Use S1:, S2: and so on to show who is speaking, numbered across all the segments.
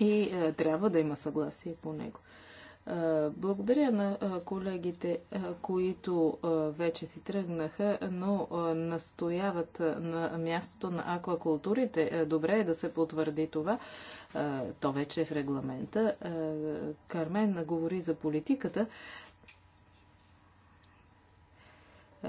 S1: и е, трябва да има съгласие по него. Е, благодаря на е, колегите, е, които вече си тръгнаха, но настояват на мястото на аквакултурите. Добре е да се потвърди това. То вече е в регламента. Кармен говори за политиката. Е,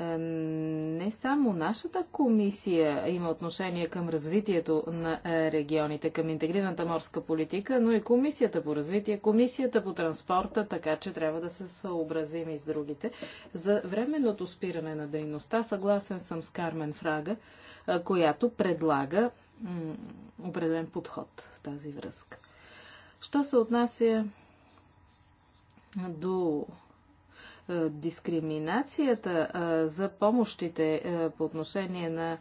S1: не само нашата комисия има отношение към развитието на е, регионите, към интегрираната морска политика, но и комисията по развитие, комисията по транспорта, така че трябва да се съобразим и с другите. За временното спиране на дейността съгласен съм с Кармен Фрага, е, която предлага определен подход в тази връзка. Що се отнася до е, дискриминацията е, за помощите е, по отношение на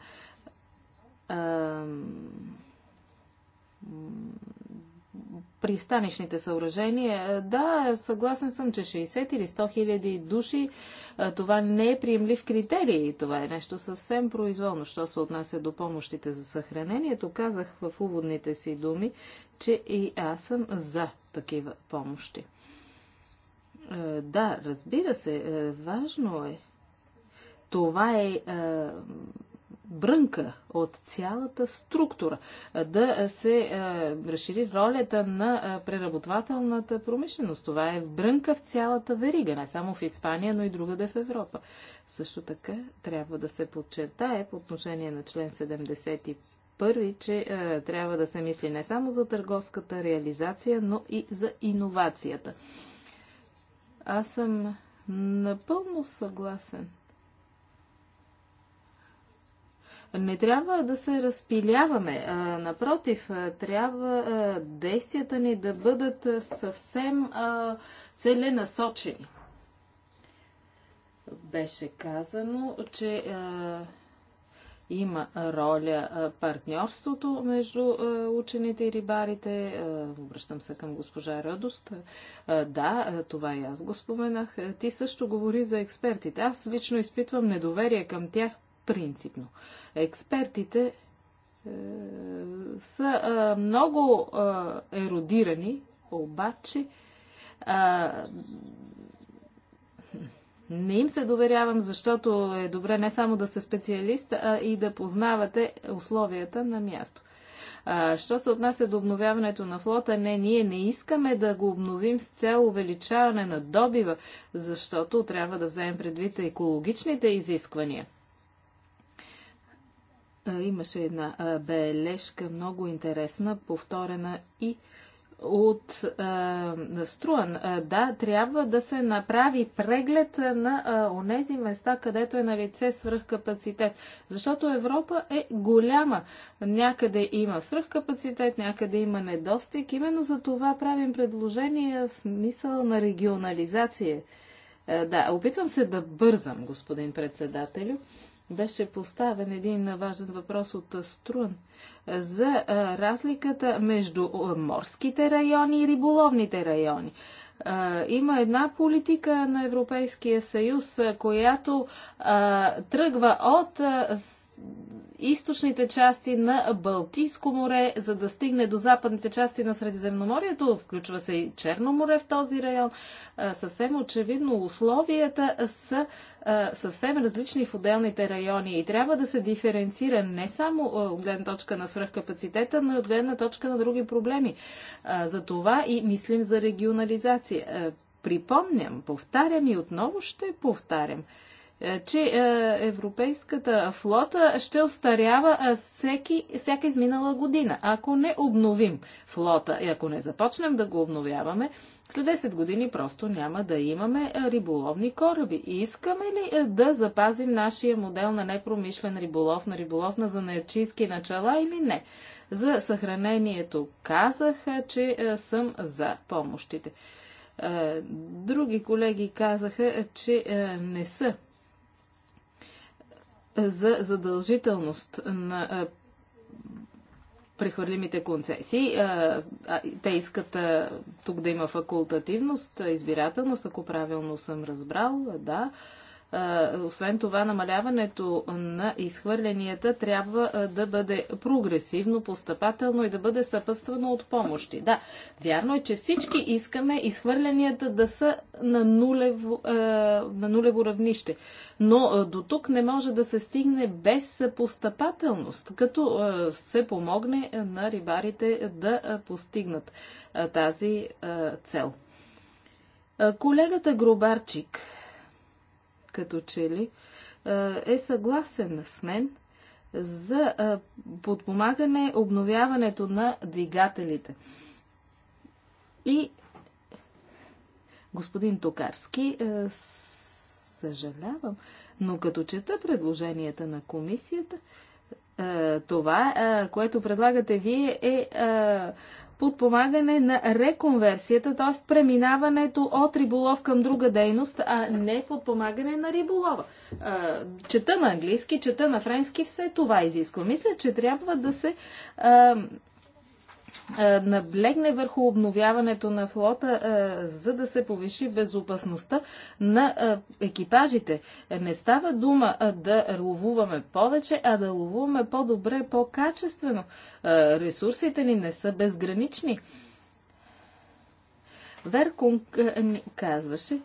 S1: пристанищните съоръжения. Да, съгласен съм, че 60 или 100 хиляди души това не е приемлив критерий. Това е нещо съвсем произволно, що се отнася до помощите за съхранението. Казах в уводните си думи, че и аз съм за такива помощи. Е, да, разбира се, е, важно е. Това е, е брънка от цялата структура, да се разшири ролята на преработвателната промишленост. Това е брънка в цялата верига, не само в Испания, но и другаде в Европа. Също така трябва да се подчертае по отношение на член 75 първи, че е, трябва да се мисли не само за търговската реализация, но и за иновацията. Аз съм напълно съгласен. Не трябва да се разпиляваме. А, напротив, трябва а, действията ни да бъдат а, съвсем целенасочени. Беше казано, че има роля партньорството между учените и рибарите. Обръщам се към госпожа Радост. Да, това и аз го споменах. Ти също говори за експертите. Аз лично изпитвам недоверие към тях принципно. Експертите е, са много еродирани, обаче не им се доверявам, защото е добре не само да сте специалист, а и да познавате условията на място. А, що се отнася до обновяването на флота, не, ние не искаме да го обновим с цел увеличаване на добива, защото трябва да вземем предвид екологичните изисквания. А, имаше една а, бележка, много интересна, повторена и от е, Струан. Е, да, трябва да се направи преглед на е, онези места, където е на лице свръхкапацитет. Защото Европа е голяма. Някъде има свръхкапацитет, някъде има недостиг. Именно за това правим предложение в смисъл на регионализация. Е, да, опитвам се да бързам, господин председателю беше поставен един важен въпрос от Струн за разликата между морските райони и риболовните райони. Има една политика на Европейския съюз, която тръгва от източните части на Балтийско море, за да стигне до западните части на Средиземноморието. Включва се и Черно море в този район. Съвсем очевидно условията са съвсем различни в отделните райони и трябва да се диференцира не само от гледна точка на свръхкапацитета, но и от гледна точка на други проблеми. За това и мислим за регионализация. Припомням, повтарям и отново ще повтарям – е, че е, европейската флота ще остарява е, всеки, всяка изминала година. Ако не обновим флота и ако не започнем да го обновяваме, след 10 години просто няма да имаме риболовни кораби. И искаме ли да запазим нашия модел на непромишлен риболов, на риболов на занаячийски начала или не? За съхранението казах, че съм за помощите. Други колеги казаха, че не са за задължителност на прехвърлимите концесии. Те искат тук да има факултативност, избирателност, ако правилно съм разбрал, да. Освен това, намаляването на изхвърленията трябва да бъде прогресивно, постъпателно и да бъде съпъствано от помощи. Да, вярно е, че всички искаме изхвърленията да са на нулево, на нулево равнище. Но до тук не може да се стигне без постъпателност, като се помогне на рибарите да постигнат тази цел. Колегата Гробарчик като че ли е съгласен с мен за подпомагане обновяването на двигателите. И господин Токарски, съжалявам, но като чета предложенията на комисията, това, което предлагате вие, е подпомагане на реконверсията, т.е. преминаването от риболов към друга дейност, а не подпомагане на риболова. Чета на английски, чета на френски, все това изисква. Мисля, че трябва да се е, наблегне върху обновяването на флота, е, за да се повиши безопасността на е, екипажите. Не става дума да ловуваме повече, а да ловуваме по-добре, по-качествено. Ресурсите ни не са безгранични. Веркунг казваше,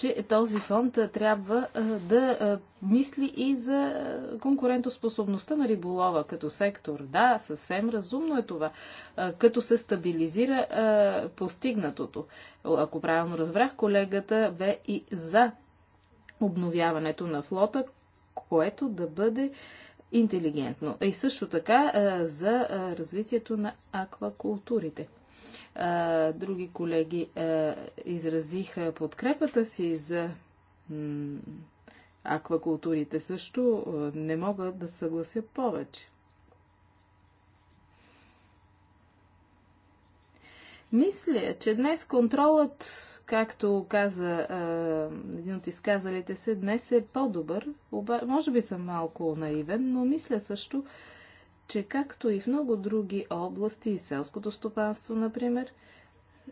S1: че този фонд трябва да мисли и за конкурентоспособността на риболова като сектор. Да, съвсем разумно е това, като се стабилизира постигнатото. Ако правилно разбрах, колегата бе и за обновяването на флота, което да бъде интелигентно. И също така за развитието на аквакултурите. Други колеги изразиха подкрепата си за аквакултурите също. Не мога да съглася повече. Мисля, че днес контролът, както каза един от изказалите се, днес е по-добър. Може би съм малко наивен, но мисля също, че както и в много други области, и селското стопанство, например,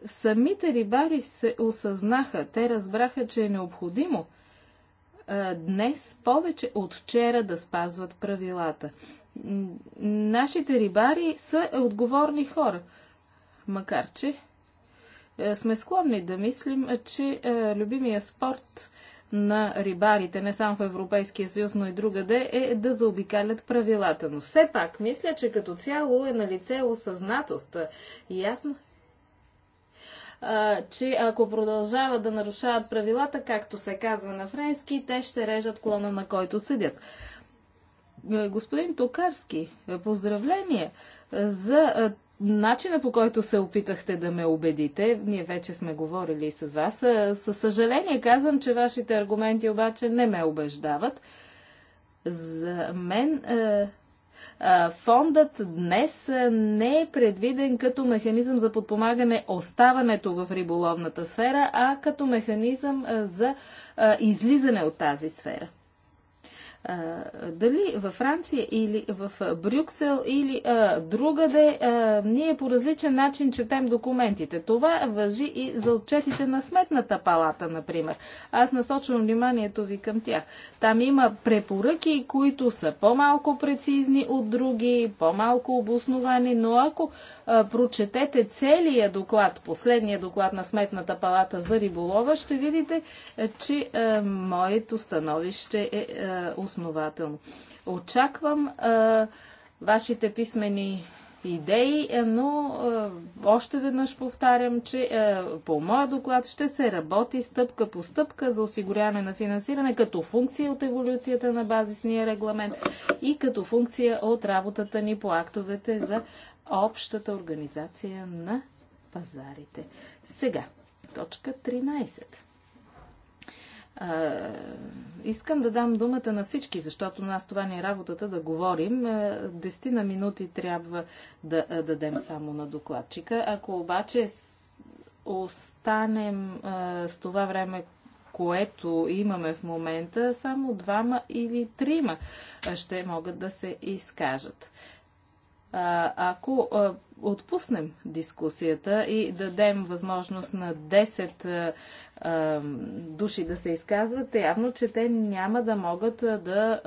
S1: самите рибари се осъзнаха, те разбраха, че е необходимо днес повече от вчера да спазват правилата. Нашите рибари са отговорни хора, макар че сме склонни да мислим, че любимия спорт на рибарите, не само в Европейския съюз, но и другаде, е да заобикалят правилата. Но все пак, мисля, че като цяло е на лице осъзнатост. ясно че ако продължават да нарушават правилата, както се казва на френски, те ще режат клона, на който съдят. Господин Токарски, поздравление за начина по който се опитахте да ме убедите, ние вече сме говорили с вас, със съжаление казвам, че вашите аргументи обаче не ме убеждават. За мен е, е, фондът днес е, не е предвиден като механизъм за подпомагане оставането в риболовната сфера, а като механизъм е, за е, излизане от тази сфера. Дали във Франция или в Брюксел или другаде, ние по различен начин четем документите. Това въжи и за отчетите на Сметната палата, например. Аз насочвам вниманието ви към тях. Там има препоръки, които са по-малко прецизни от други, по-малко обосновани, но ако прочетете целия доклад, последния доклад на Сметната палата за риболова, ще видите, е, че е, моето становище е, е основно основателно. Очаквам а, вашите писмени идеи, но а, още веднъж повтарям, че а, по моя доклад ще се работи стъпка по стъпка за осигуряване на финансиране като функция от еволюцията на базисния регламент и като функция от работата ни по актовете за общата организация на пазарите. Сега, точка 13. А, искам да дам думата на всички, защото нас това не е работата да говорим. Е, десетина минути трябва да е, дадем само на докладчика. Ако обаче останем а, е, с това време, което имаме в момента, само двама или трима ще могат да се изкажат ако отпуснем дискусията и дадем възможност на 10 души да се изказват, явно, че те няма да могат да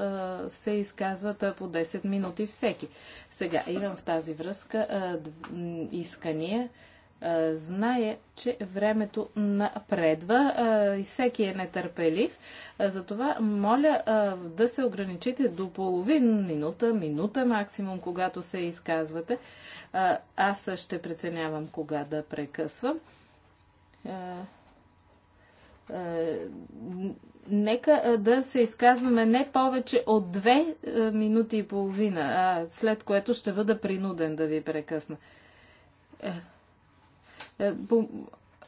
S1: се изказват по 10 минути всеки. Сега имам в тази връзка искания Знае, че времето напредва и всеки е нетърпелив. Затова моля да се ограничите до половин минута, минута максимум, когато се изказвате. Аз ще преценявам кога да прекъсвам нека да се изказваме не повече от две минути и половина, след което ще бъда принуден да ви прекъсна. Е, по,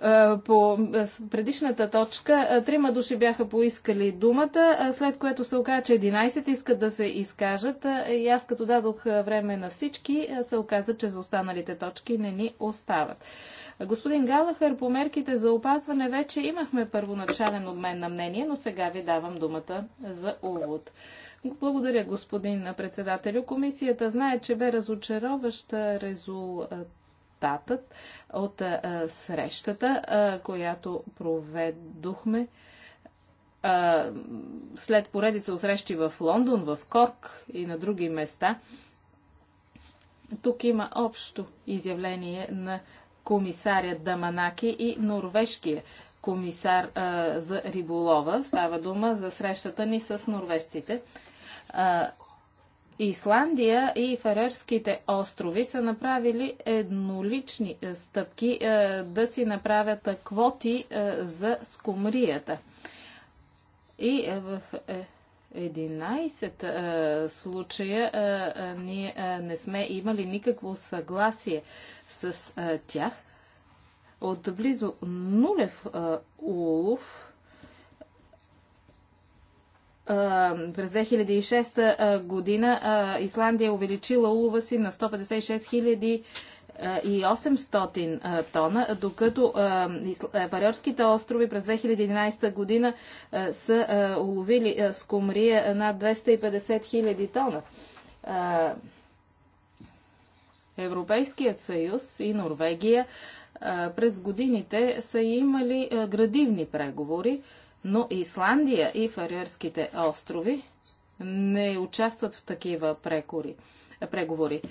S1: е, по е, предишната точка трима души бяха поискали думата, след което се оказа, че 11 искат да се изкажат. И аз като дадох време на всички, се оказа, че за останалите точки не ни остават. Господин Галахър, по мерките за опазване вече имахме първоначален обмен на мнение, но сега ви давам думата за увод. Благодаря, господин председателю. Комисията знае, че бе разочароваща резултат резултатът от а, срещата, а, която проведохме а, след поредица срещи в Лондон, в Корк и на други места. Тук има общо изявление на комисаря Даманаки и норвежкия комисар а, за риболова. Става дума за срещата ни с норвежците. А, Исландия и Ферерските острови са направили еднолични е, стъпки е, да си направят е, квоти за скумрията. И в 11 случая ние не сме имали никакво съгласие с тях. От близо нулев улов през 2006 година Исландия е увеличила улова си на 156 800 тона, докато Фариорските острови през 2011 година са уловили скумрия над 250 000 тона. Европейският съюз и Норвегия през годините са имали градивни преговори но Исландия и Фарерските острови не участват в такива прекори преговори.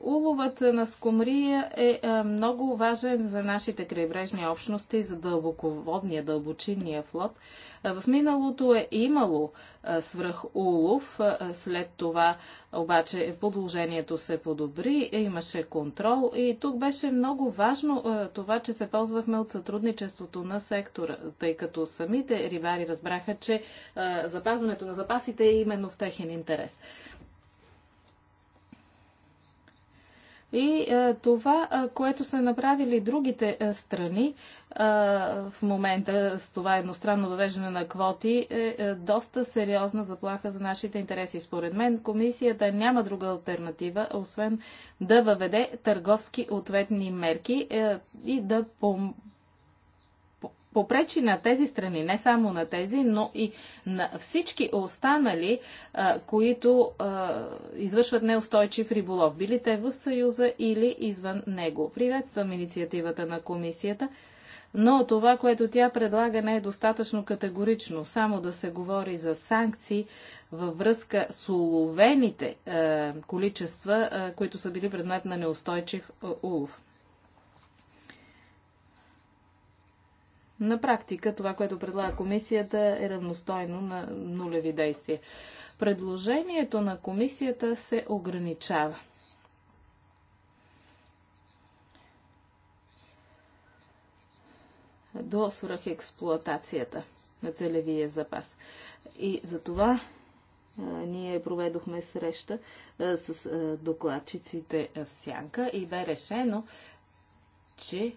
S1: Уловът на скумрия е много важен за нашите крайбрежни общности, за дълбоководния, дълбочинния флот. В миналото е имало свръхулов, след това обаче подложението се подобри, имаше контрол и тук беше много важно това, че се ползвахме от сътрудничеството на сектора, тъй като самите рибари разбраха, че запазването на запасите е именно в техен интерес. И е, това, е, което са направили другите е, страни е, в момента е, с това едностранно въвеждане на квоти, е, е доста сериозна заплаха за нашите интереси. Според мен комисията няма друга альтернатива, освен да въведе търговски ответни мерки и да пом попречи на тези страни, не само на тези, но и на всички останали, които извършват неустойчив риболов, били те в Съюза или извън него. Приветствам инициативата на комисията. Но това, което тя предлага, не е достатъчно категорично. Само да се говори за санкции във връзка с уловените е, количества, е, които са били предмет на неустойчив е, улов. На практика това, което предлага комисията е равностойно на нулеви действия. Предложението на комисията се ограничава. до експлуатацията на целевия запас. И за това а, ние проведохме среща а, с а, докладчиците в Сянка и бе решено, че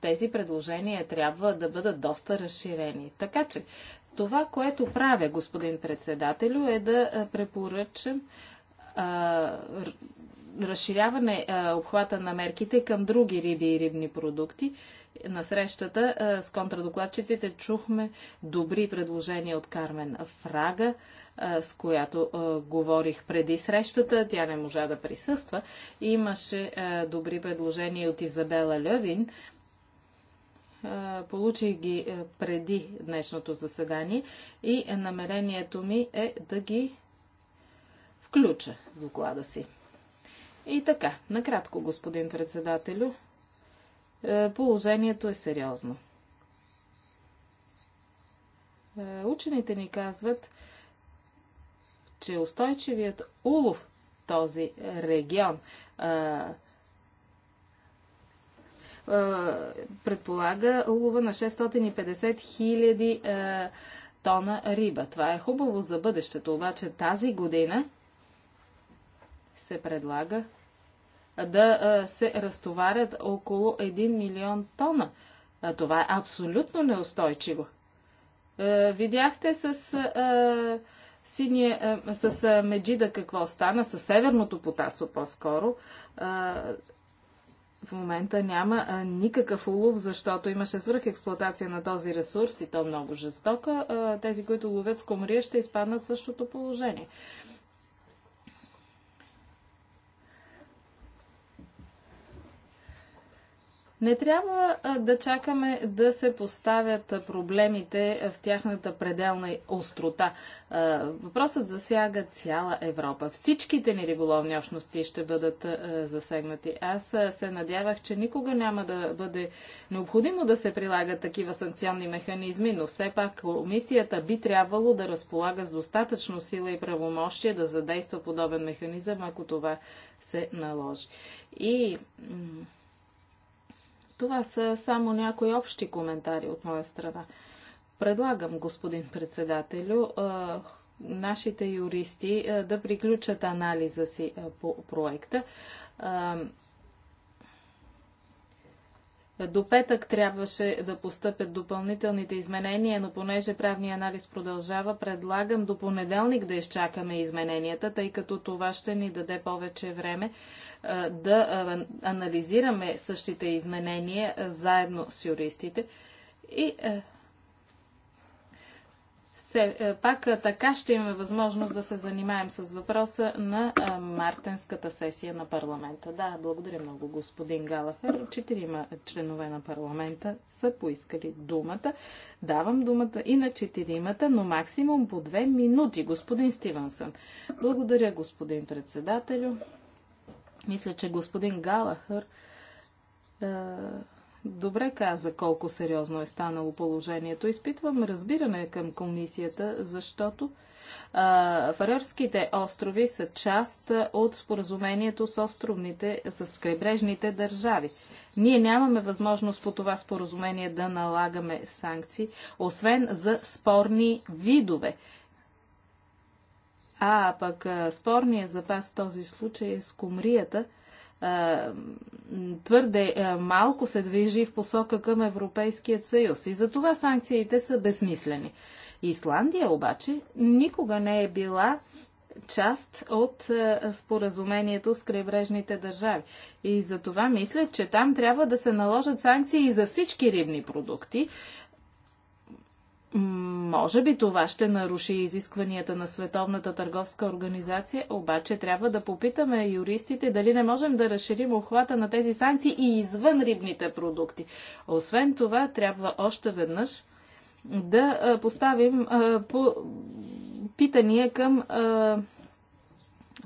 S1: тези предложения трябва да бъдат доста разширени. Така че това, което правя, господин председателю, е да препоръчам разширяване обхвата на мерките към други риби и рибни продукти. На срещата с контрадокладчиците чухме добри предложения от Кармен Фрага, с която говорих преди срещата. Тя не можа да присъства. Имаше добри предложения от Изабела Лъвин. получих ги преди днешното заседание и намерението ми е да ги включа в доклада си. И така, накратко, господин председателю, е, положението е сериозно. Е, учените ни казват, че устойчивият улов в този регион е, предполага улова на 650 хиляди тона риба. Това е хубаво за бъдещето, обаче тази година се предлага да се разтоварят около 1 милион тона. Това е абсолютно неустойчиво. Видяхте с синия, с Меджида какво стана, с северното потасо по-скоро. В момента няма никакъв улов, защото имаше свръхексплуатация на този ресурс и то много жестока. тези, които ловят с комрия, ще изпаднат в същото положение. Не трябва да чакаме да се поставят проблемите в тяхната пределна острота. Въпросът засяга цяла Европа. Всичките ни риболовни общности ще бъдат засегнати. Аз се надявах, че никога няма да бъде необходимо да се прилагат такива санкционни механизми, но все пак комисията би трябвало да разполага с достатъчно сила и правомощие да задейства подобен механизъм, ако това се наложи. И това са само някои общи коментари от моя страна. Предлагам, господин председателю, нашите юристи да приключат анализа си по проекта. До петък трябваше да постъпят допълнителните изменения, но понеже правния анализ продължава, предлагам до понеделник да изчакаме измененията, тъй като това ще ни даде повече време да анализираме същите изменения заедно с юристите и все е, пак е, така ще имаме възможност да се занимаем с въпроса на е, мартенската сесия на парламента. Да, благодаря много господин Галахер. Четирима членове на парламента са поискали думата. Давам думата и на четиримата, но максимум по две минути. Господин Стивенсън. Благодаря, господин председателю. Мисля, че господин Галахър е добре каза колко сериозно е станало положението. Изпитвам разбиране към комисията, защото а, Фарерските острови са част от споразумението с островните, с крайбрежните държави. Ние нямаме възможност по това споразумение да налагаме санкции, освен за спорни видове. А пък а, спорният запас в този случай е с кумрията – твърде малко се движи в посока към Европейският съюз и затова санкциите са безмислени. Исландия обаче никога не е била част от споразумението с крайбрежните държави. И за това мисля, че там трябва да се наложат санкции и за всички рибни продукти, може би това ще наруши изискванията на Световната търговска организация, обаче трябва да попитаме юристите дали не можем да разширим обхвата на тези санкции и извън рибните продукти. Освен това, трябва още веднъж да поставим питания към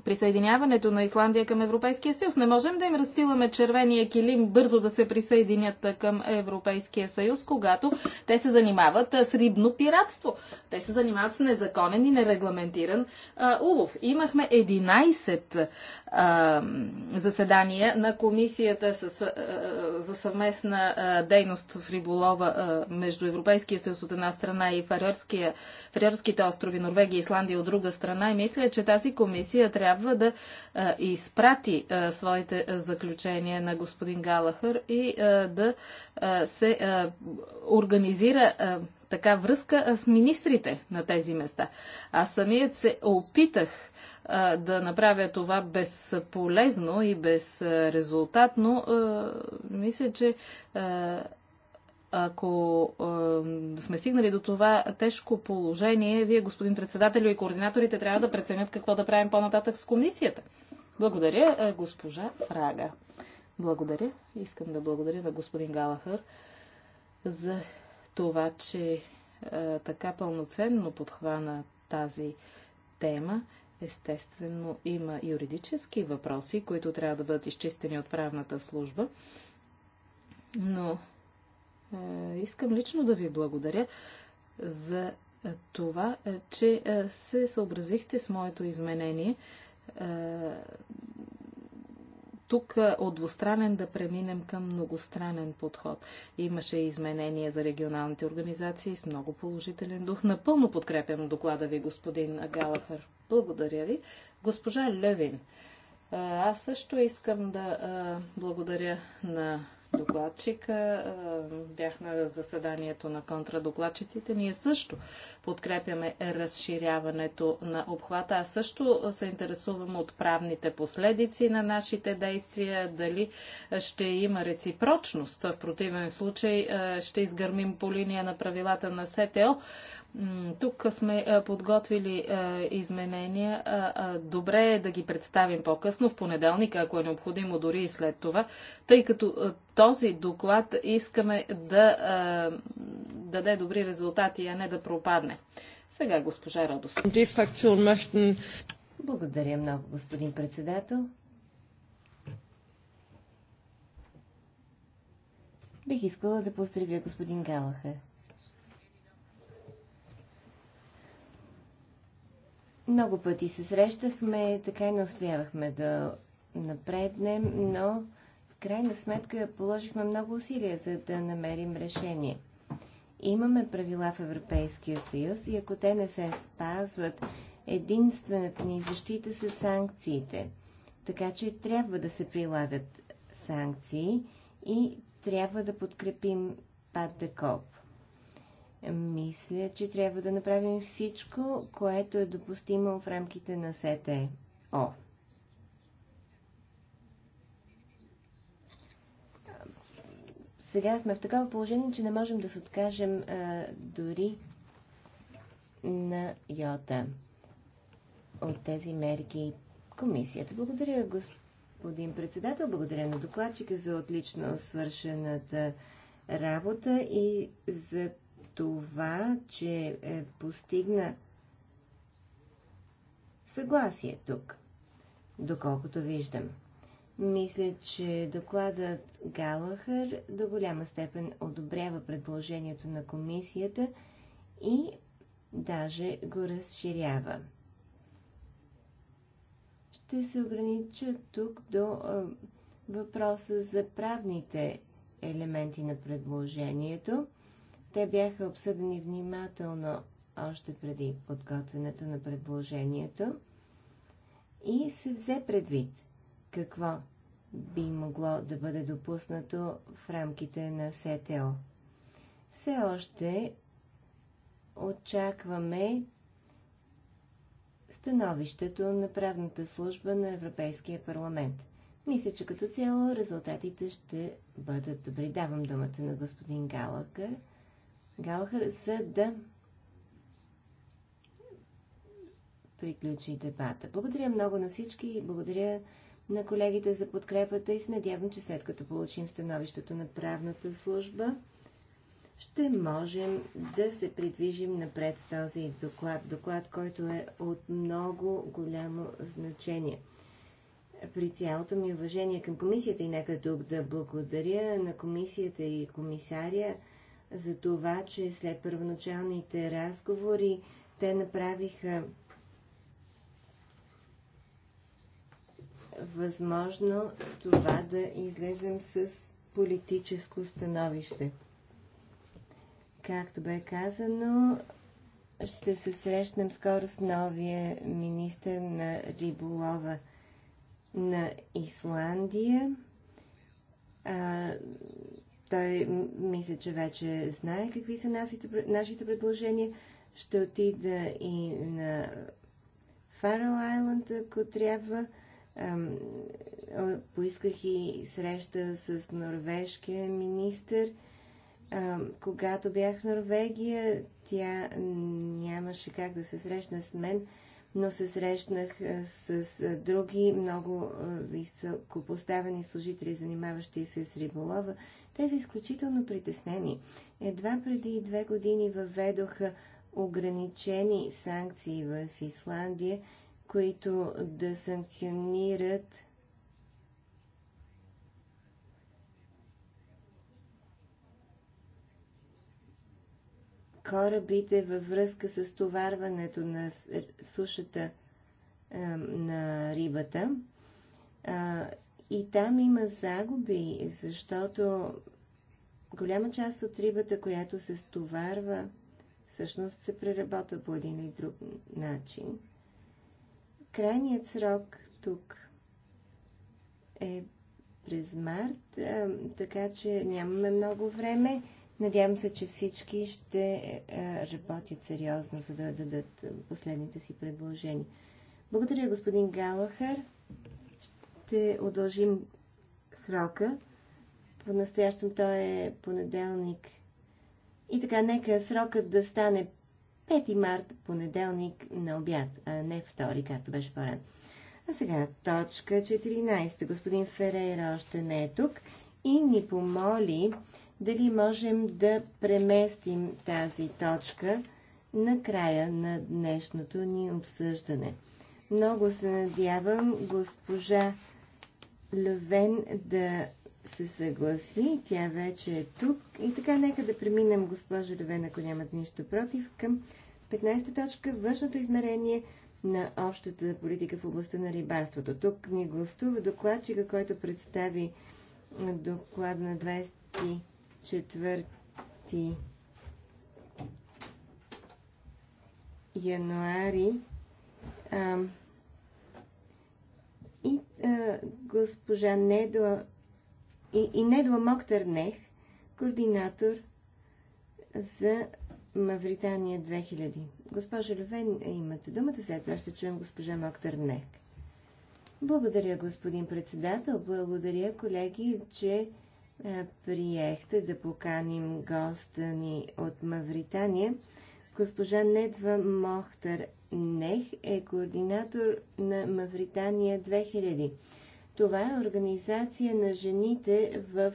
S1: присъединяването на Исландия към Европейския съюз. Не можем да им разтиламе червения килим бързо да се присъединят към Европейския съюз, когато те се занимават с рибно пиратство. Те се занимават с незаконен и нерегламентиран а, улов. Имахме 11 а, заседания на комисията с, а, за съвместна а, дейност в риболова а, между Европейския съюз от една страна и Фарерските острови Норвегия и Исландия от друга страна. И мисля, че тази комисия трябва трябва да изпрати своите заключения на господин Галахър и да се организира така връзка с министрите на тези места. Аз самият се опитах а, да направя това безполезно и безрезултатно. А, мисля, че а, ако е, сме стигнали до това тежко положение, вие, господин председател и координаторите, трябва да преценят какво да правим по-нататък с комисията. Благодаря, е, госпожа Фрага. Благодаря. Искам да благодаря на господин Галахър за това, че е, така пълноценно подхвана тази тема. Естествено, има юридически въпроси, които трябва да бъдат изчистени от правната служба. Но е, искам лично да ви благодаря за е, това, е, че се съобразихте с моето изменение. Тук от двустранен да преминем към многостранен подход. Имаше изменения за регионалните организации с много положителен дух. Напълно подкрепям доклада ви, господин Галафър. Благодаря ви. Госпожа Левин, аз също искам да благодаря на докладчика. Бях на заседанието на контрадокладчиците. Ние също подкрепяме разширяването на обхвата. Аз също се интересувам от правните последици на нашите действия, дали ще има реципрочност. В противен случай ще изгърмим по линия на правилата на СТО тук сме е, подготвили е, изменения. Добре е да ги представим по-късно, в понеделник, ако е необходимо, дори и след това, тъй като е, този доклад искаме да даде добри резултати, а не да пропадне. Сега госпожа Радост.
S2: Благодаря много, господин председател. Бих искала да поздравя господин Галахер. Много пъти се срещахме, така и не успявахме да напреднем, но в крайна сметка положихме много усилия, за да намерим решение. Имаме правила в Европейския съюз и ако те не се спазват, единствената ни защита са санкциите. Така че трябва да се прилагат санкции и трябва да подкрепим Пат Декоп. Мисля, че трябва да направим всичко, което е допустимо в рамките на СТО. Сега сме в такова положение, че не можем да се откажем а, дори на йота от тези мерки комисията. Благодаря, господин председател. Благодаря на докладчика за отлично свършената работа и за това, че е постигна съгласие тук, доколкото виждам. Мисля, че докладът Галахър до голяма степен одобрява предложението на комисията и даже го разширява. Ще се огранича тук до въпроса за правните елементи на предложението. Те бяха обсъдени внимателно още преди подготвянето на предложението и се взе предвид какво би могло да бъде допуснато в рамките на СТО. Все още очакваме становището на правната служба на Европейския парламент. Мисля, че като цяло резултатите ще бъдат добри. Давам думата на господин Галакър. Галхър, за да приключи дебата. Благодаря много на всички, и благодаря на колегите за подкрепата и се надявам, че след като получим становището на правната служба, ще можем да се придвижим напред с този доклад. Доклад, който е от много голямо значение. При цялото ми уважение към комисията и нека тук да благодаря на комисията и комисария, за това, че след първоначалните разговори те направиха възможно това да излезем с политическо становище. Както бе казано, ще се срещнем скоро с новия министр на риболова на Исландия. Той мисля, че вече знае какви са нашите, нашите предложения. Ще отида и на Фаро Айланд, ако трябва. Поисках и среща с норвежкия министр. Когато бях в Норвегия, тя нямаше как да се срещна с мен, но се срещнах с други много високопоставени служители, занимаващи се с риболова те са изключително притеснени. Едва преди две години въведоха ограничени санкции в Исландия, които да санкционират корабите във връзка с товарването на сушата на рибата. И там има загуби, защото голяма част от рибата, която се стоварва, всъщност се преработва по един или друг начин. Крайният срок тук е през март, така че нямаме много време. Надявам се, че всички ще работят сериозно, за да дадат последните си предложения. Благодаря, господин Галахър ще удължим срока. По-настоящем той е понеделник. И така, нека срокът да стане 5 март, понеделник на обяд, а не втори, както беше по-рано. А сега точка 14. Господин Ферейра още не е тук и ни помоли дали можем да преместим тази точка на края на днешното ни обсъждане. Много се надявам госпожа Левен да се съгласи. Тя вече е тук. И така, нека да преминем, госпожа Левен, ако нямат нищо против, към 15-та точка външното измерение на общата политика в областта на рибарството. Тук ни гостува докладчика, който представи доклад на 24 януари. Е, госпожа Недла и, и Недла Моктърнех, координатор за Мавритания 2000. Госпожа Левен, е, имате думата, след това ще чуем госпожа Моктърнех. Благодаря, господин председател. Благодаря, колеги, че а, е, приехте да поканим госта ни от Мавритания. Госпожа Недва Мохтър. НЕХ е координатор на Мавритания 2000. Това е организация на жените в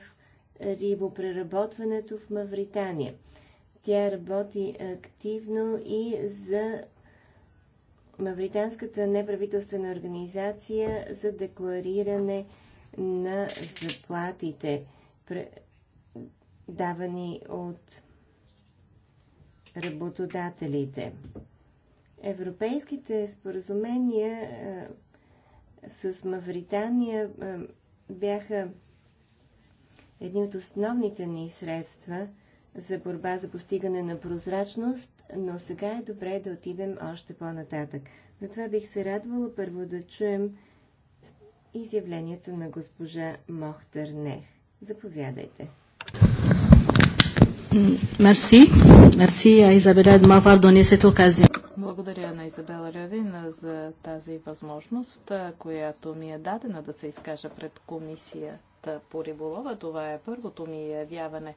S2: рибопреработването в Мавритания. Тя работи активно и за Мавританската неправителствена организация за деклариране на заплатите, давани от работодателите. Европейските споразумения е, с Мавритания е, бяха едни от основните ни средства за борба за постигане на прозрачност, но сега е добре да отидем още по-нататък. Затова бих се радвала първо да чуем изявлението на госпожа Мохтърнех. Заповядайте.
S1: Мерси. Мерси, Изабеля, да ма се оказия. Благодаря на Изабела Левин за тази възможност, която ми е дадена да се изкажа пред комисията по риболова. Това е първото ми явяване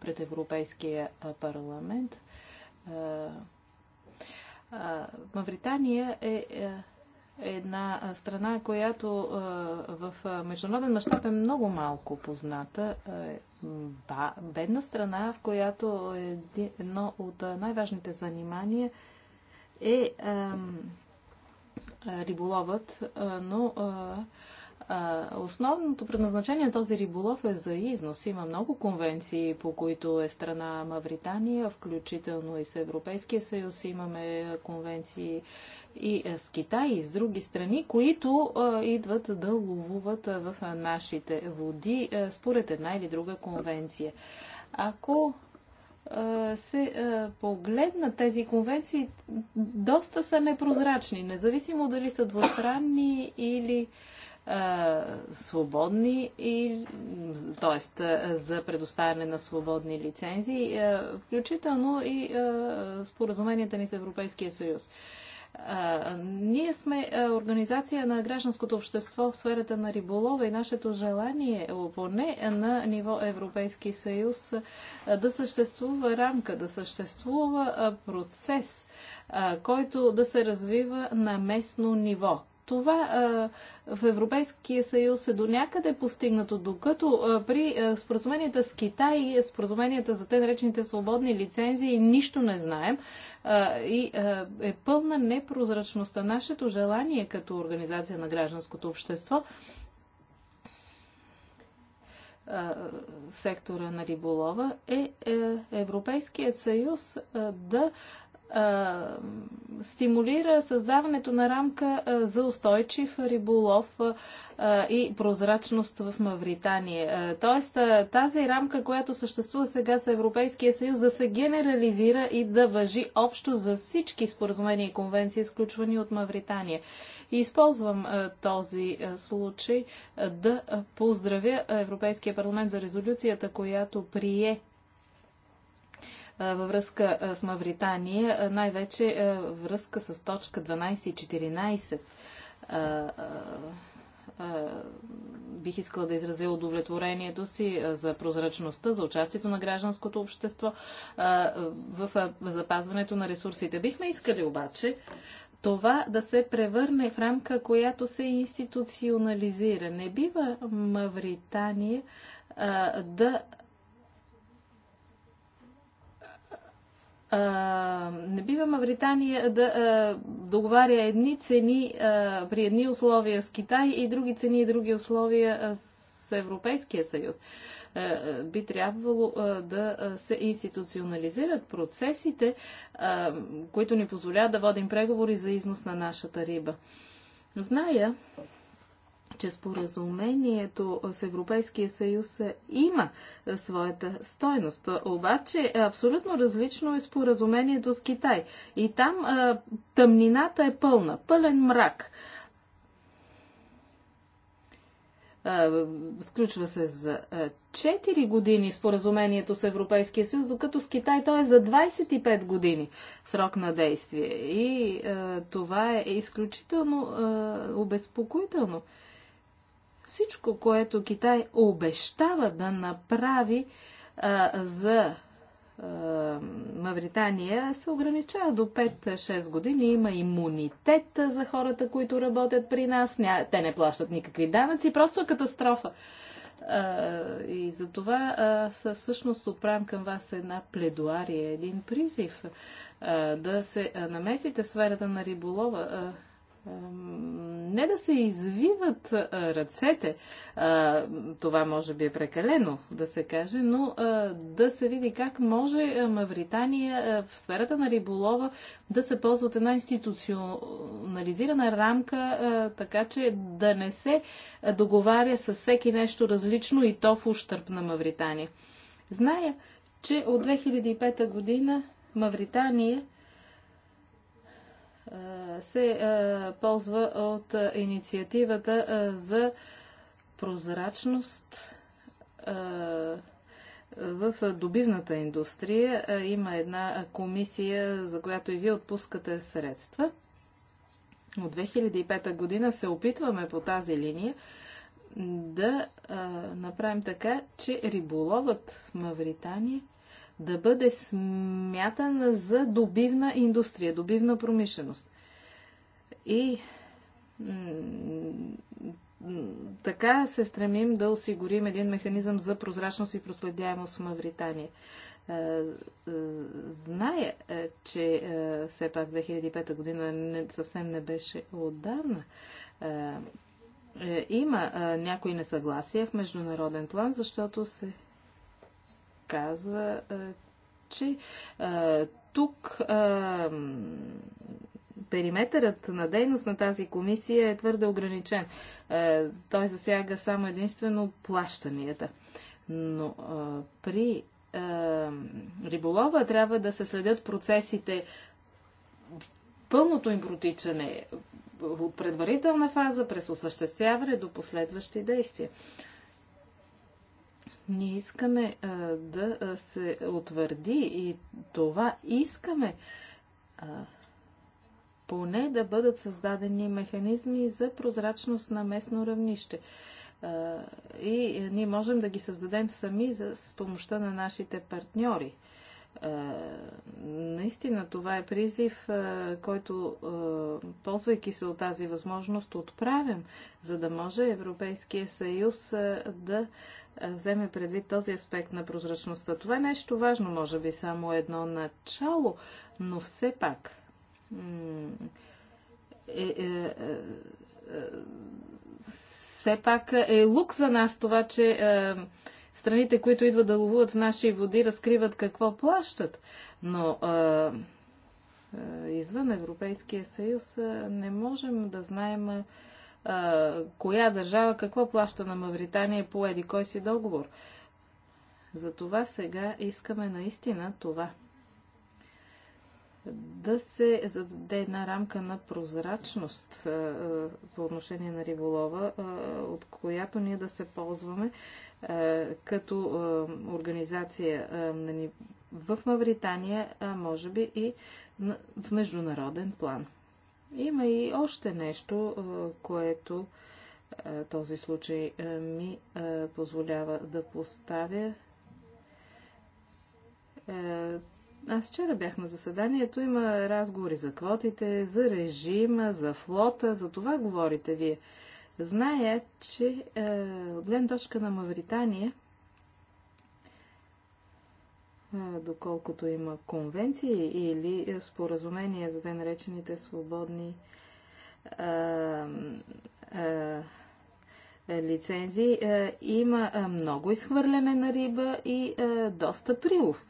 S1: пред Европейския парламент. Мавритания е, е една страна, която в международен мащаб е много малко позната. Бедна страна, в която едно от най-важните занимания е риболовът, но основното предназначение на този риболов е за износ. Има много конвенции, по които е страна Мавритания, включително и с Европейския съюз. Имаме конвенции и с Китай, и с други страни, които а, идват да ловуват в нашите води а, според една или друга конвенция. Ако се погледнат тези конвенции, доста са непрозрачни, независимо дали са двустранни или свободни, и, т.е. за предоставяне на свободни лицензии, включително и споразуменията ни с Европейския съюз. Ние сме организация на гражданското общество в сферата на риболова и нашето желание, е поне на ниво Европейски съюз, да съществува рамка, да съществува процес, който да се развива на местно ниво това а, в Европейския съюз е до някъде постигнато, докато а, при а, споразуменията с Китай и споразуменията за те наречените свободни лицензии нищо не знаем и е пълна непрозрачността. Нашето желание като организация на гражданското общество сектора на риболова е, е Европейският съюз да стимулира създаването на рамка за устойчив риболов и прозрачност в Мавритания. Тоест тази рамка, която съществува сега с Европейския съюз, да се генерализира и да въжи общо за всички споразумения и конвенции, изключвани от Мавритания. И използвам този случай да поздравя Европейския парламент за резолюцията, която прие във връзка с Мавритания, най-вече връзка с точка 12 и 14 бих искала да изразя удовлетворението си за прозрачността, за участието на гражданското общество в запазването на ресурсите. Бихме искали обаче това да се превърне в рамка, която се институционализира. Не бива Мавритания да не бива Мавритания да договаря едни цени при едни условия с Китай и други цени и други условия с Европейския съюз. Би трябвало да се институционализират процесите, които ни позволяват да водим преговори за износ на нашата риба. Зная, че споразумението с Европейския съюз има своята стойност. Обаче е, абсолютно различно е споразумението с Китай. И там тъмнината е пълна, пълен мрак. Сключва се за 4 години споразумението с Европейския съюз, докато с Китай то е за 25 години срок на действие. И това е изключително обезпокоително. Е, всичко, което Китай обещава да направи а, за а, Мавритания, се ограничава до 5-6 години. Има имунитет за хората, които работят при нас. Ня... Те не плащат никакви данъци. Просто е катастрофа. А, и за това а, всъщност отправям към вас една пледуария, един призив а, да се намесите в сферата на риболова не да се извиват ръцете, това може би е прекалено да се каже, но да се види как може Мавритания в сферата на риболова да се ползва от една институционализирана рамка, така че да не се договаря с всеки нещо различно и то в ущърп на Мавритания. Зная, че от 2005 година Мавритания се ползва от инициативата за прозрачност в добивната индустрия. Има една комисия, за която и вие отпускате средства. От 2005 година се опитваме по тази линия да направим така, че риболовът в Мавритания да бъде смятана за добивна индустрия, добивна промишленост. И така се стремим да осигурим един механизъм за прозрачност и проследяемост в Мавритания. Е, е, зная, е, че все пак 2005 година не, съвсем не беше отдавна. Има някои несъгласия в международен план, защото се казва, че тук периметърът на дейност на тази комисия е твърде ограничен. Той засяга само единствено плащанията. Но при риболова трябва да се следят процесите пълното им протичане от предварителна фаза през осъществяване до последващи действия. Ние искаме а, да се утвърди и това искаме. А, поне да бъдат създадени механизми за прозрачност на местно равнище. А, и ние можем да ги създадем сами за, с помощта на нашите партньори. А, наистина това е призив, който, ползвайки се от тази възможност, отправям, за да може Европейския съюз да вземе предвид този аспект на прозрачността. Това е нещо важно, може би само едно начало, но все пак е, е, е, е, все пак е лук за нас това, че е, Страните, които идват да ловуват в наши води, разкриват какво плащат. Но а, а, извън Европейския съюз а, не можем да знаем а, коя държава какво плаща на Мавритания по еди кой си договор. Затова сега искаме наистина това да се зададе една рамка на прозрачност по отношение на риболова, от която ние да се ползваме като организация в Мавритания, а може би и в международен план. Има и още нещо, което този случай ми позволява да поставя аз вчера бях на заседанието, има разговори за квотите, за режима, за флота, за това говорите вие. Зная, че е, от гледна точка на Мавритания, е, доколкото има конвенции или споразумения за те наречените свободни е, е, е, лицензии, е, има е, много изхвърляне на риба и е, доста прилов.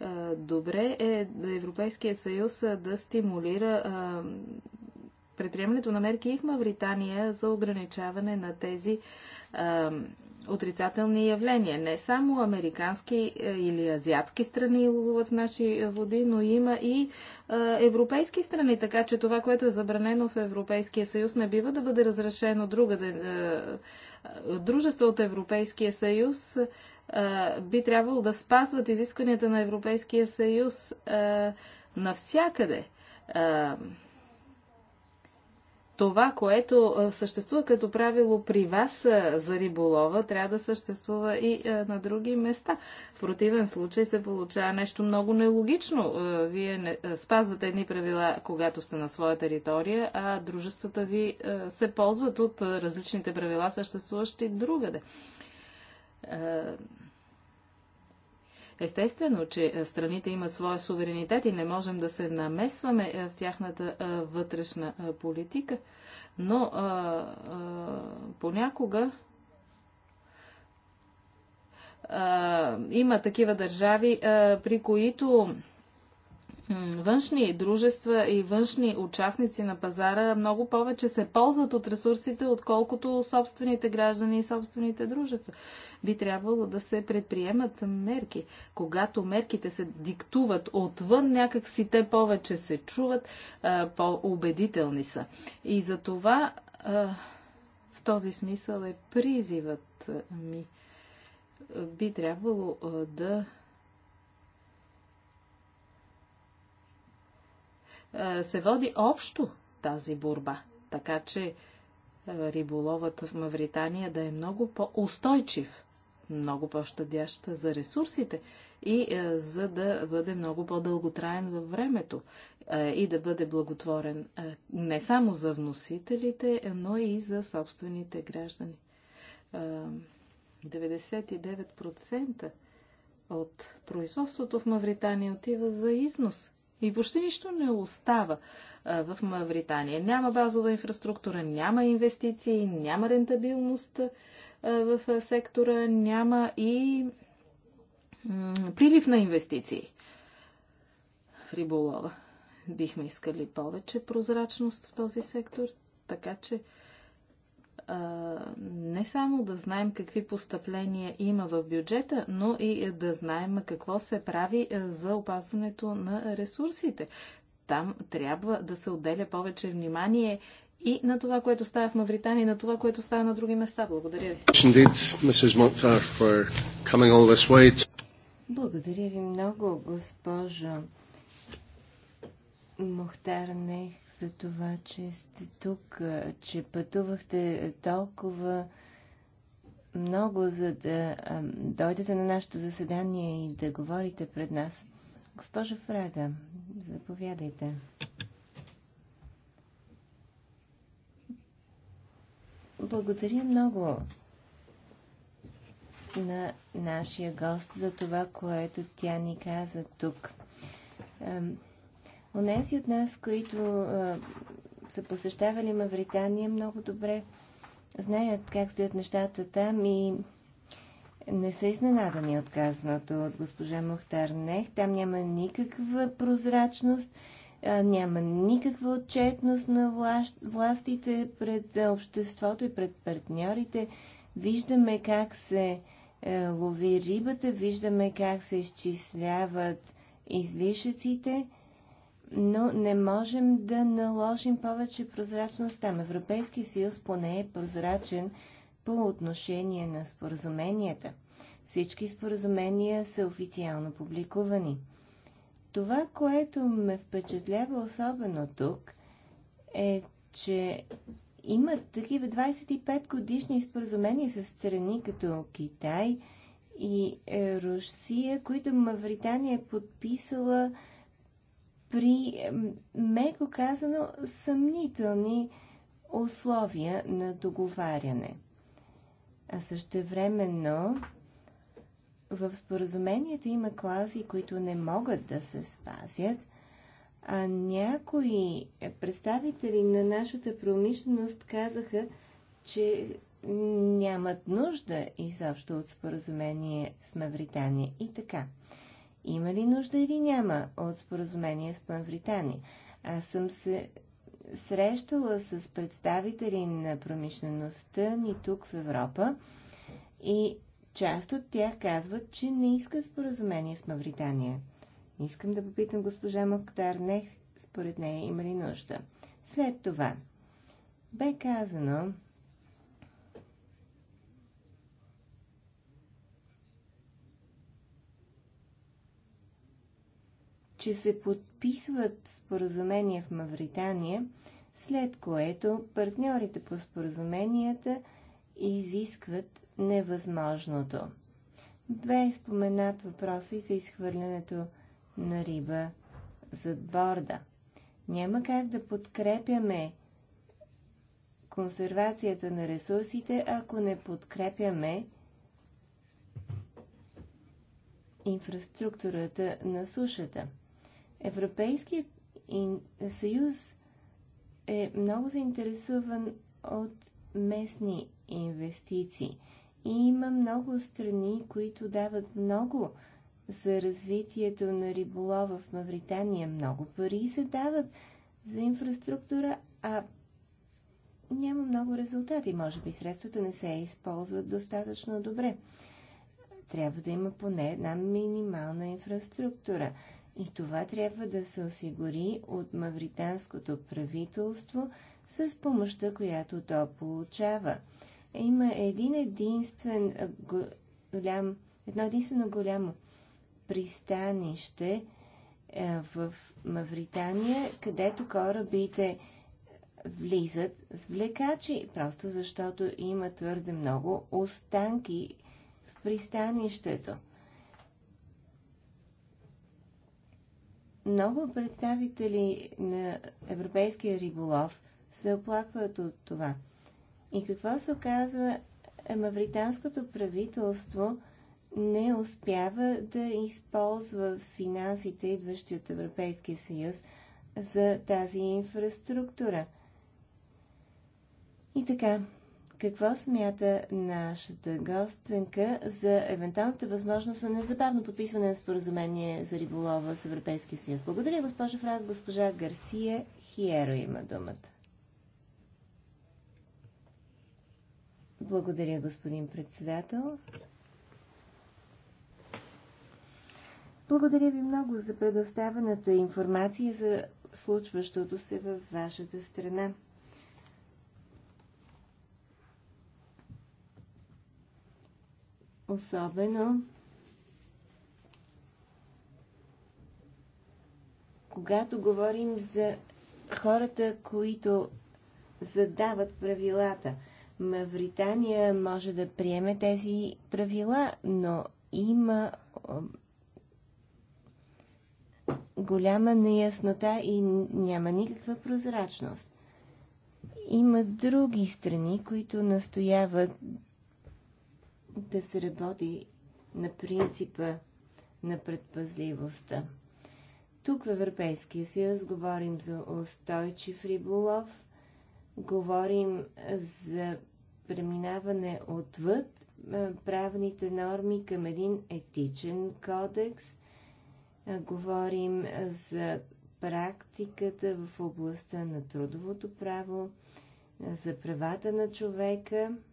S1: Е, добре е Европейският съюз е, да стимулира е, предприемането на мерки и в Мавритания за ограничаване на тези отрицателни явления. Не само американски или азиатски страни ловуват в наши води, но има и европейски страни, така че това, което е забранено в Европейския съюз, не бива да бъде разрешено другаде. Дружество от Европейския съюз би трябвало да спазват изискванията на Европейския съюз навсякъде. Това, което съществува като правило при вас за риболова, трябва да съществува и на други места. В противен случай се получава нещо много нелогично. Вие не спазвате едни правила, когато сте на своя територия, а дружествата ви се ползват от различните правила, съществуващи другаде. Е, естествено, че е, страните имат своя суверенитет и не можем да се намесваме е, в тяхната вътрешна политика, но понякога има такива държави, при които външни дружества и външни участници на пазара много повече се ползват от ресурсите, отколкото собствените граждани и собствените дружества. Би трябвало да се предприемат мерки. Когато мерките се диктуват отвън, някак си те повече се чуват, по-убедителни са. И за това в този смисъл е призивът ми. Би трябвало да Е, се води общо тази борба. Така че е, риболовът в Мавритания да е много по-устойчив, много по-щадящ за ресурсите и е, за да бъде много по-дълготраен във времето и да бъде благотворен не само за вносителите, но и за собствените граждани. 99% от производството в Мавритания отива за износ. И почти нищо не остава а, в Мавритания. Няма базова инфраструктура, няма инвестиции, няма рентабилност а, в а, сектора, няма и прилив на инвестиции в риболова. Бихме искали повече прозрачност в този сектор, така че не само да знаем какви постъпления има в бюджета, но и да знаем какво се прави за опазването на ресурсите. Там трябва да се отделя повече внимание и на това, което става в Мавритания, и на това, което става
S2: на други места. Благодаря ви. Благодаря ви много, госпожо Мохтар Нех за това, че сте тук, че пътувахте толкова много, за да дойдете на нашето заседание и да говорите пред нас. Госпожа Фрага, заповядайте. Благодаря много на нашия гост за това, което тя ни каза тук. Онези от нас, които а, са посещавали Мавритания, много добре знаят как стоят нещата там и не са изненадани от казаното от госпожа Мухтар Нех. Там няма никаква прозрачност, няма никаква отчетност на власт, властите пред обществото и пред партньорите. Виждаме как се е, лови рибата, виждаме как се изчисляват излишъците но не можем да наложим повече прозрачност там. Европейски съюз поне е прозрачен по отношение на споразуменията. Всички споразумения са официално публикувани. Това, което ме впечатлява особено тук, е, че има такива 25 годишни споразумения с страни като Китай и е, Русия, които Мавритания е подписала при, меко казано, съмнителни условия на договаряне. А същевременно в споразуменията има клаузи, които не могат да се спазят, а някои представители на нашата промишленост казаха, че нямат нужда изобщо от споразумение с Мавритания. И така, има ли нужда или няма от споразумение с Мавритания. Аз съм се срещала с представители на промишлеността ни тук в Европа и част от тях казват, че не искат споразумение с Мавритания. Искам да попитам госпожа Мактар, не според нея има ли нужда. След това бе казано, че се подписват споразумения в Мавритания, след което партньорите по споразуменията изискват невъзможното. Бе споменат въпроса и за изхвърлянето на риба зад борда. Няма как да подкрепяме консервацията на ресурсите, ако не подкрепяме инфраструктурата на сушата. Европейският съюз е много заинтересуван от местни инвестиции. И има много страни, които дават много за развитието на риболова в Мавритания. Много пари се дават за инфраструктура, а няма много резултати. Може би средствата не се използват достатъчно добре. Трябва да има поне една минимална инфраструктура. И това трябва да се осигури от мавританското правителство с помощта, която то получава. Има един единствен голям, едно единствено голямо пристанище е, в Мавритания, където корабите влизат с влекачи, просто защото има твърде много останки в пристанището. Много представители на европейския риболов се оплакват от това. И какво се оказва? Е, Мавританското правителство не успява да използва финансите, идващи от Европейския съюз, за тази инфраструктура. И така, какво смята нашата гостенка за евентуалната възможност за незабавно подписване на споразумение за риболова с Европейския съюз. Благодаря, госпожа Фрак. Госпожа Гарсия Хиеро има думата. Благодаря, господин председател. Благодаря ви много за предоставената информация за случващото се във вашата страна. Особено когато говорим за хората, които задават правилата. Мавритания може да приеме тези правила, но има голяма неяснота и няма никаква прозрачност. Има други страни, които настояват да се работи на принципа на предпазливостта. Тук в Европейския съюз говорим за устойчив риболов, говорим за преминаване отвъд правните норми към един етичен кодекс, говорим за практиката в областта на трудовото право, за правата на човека –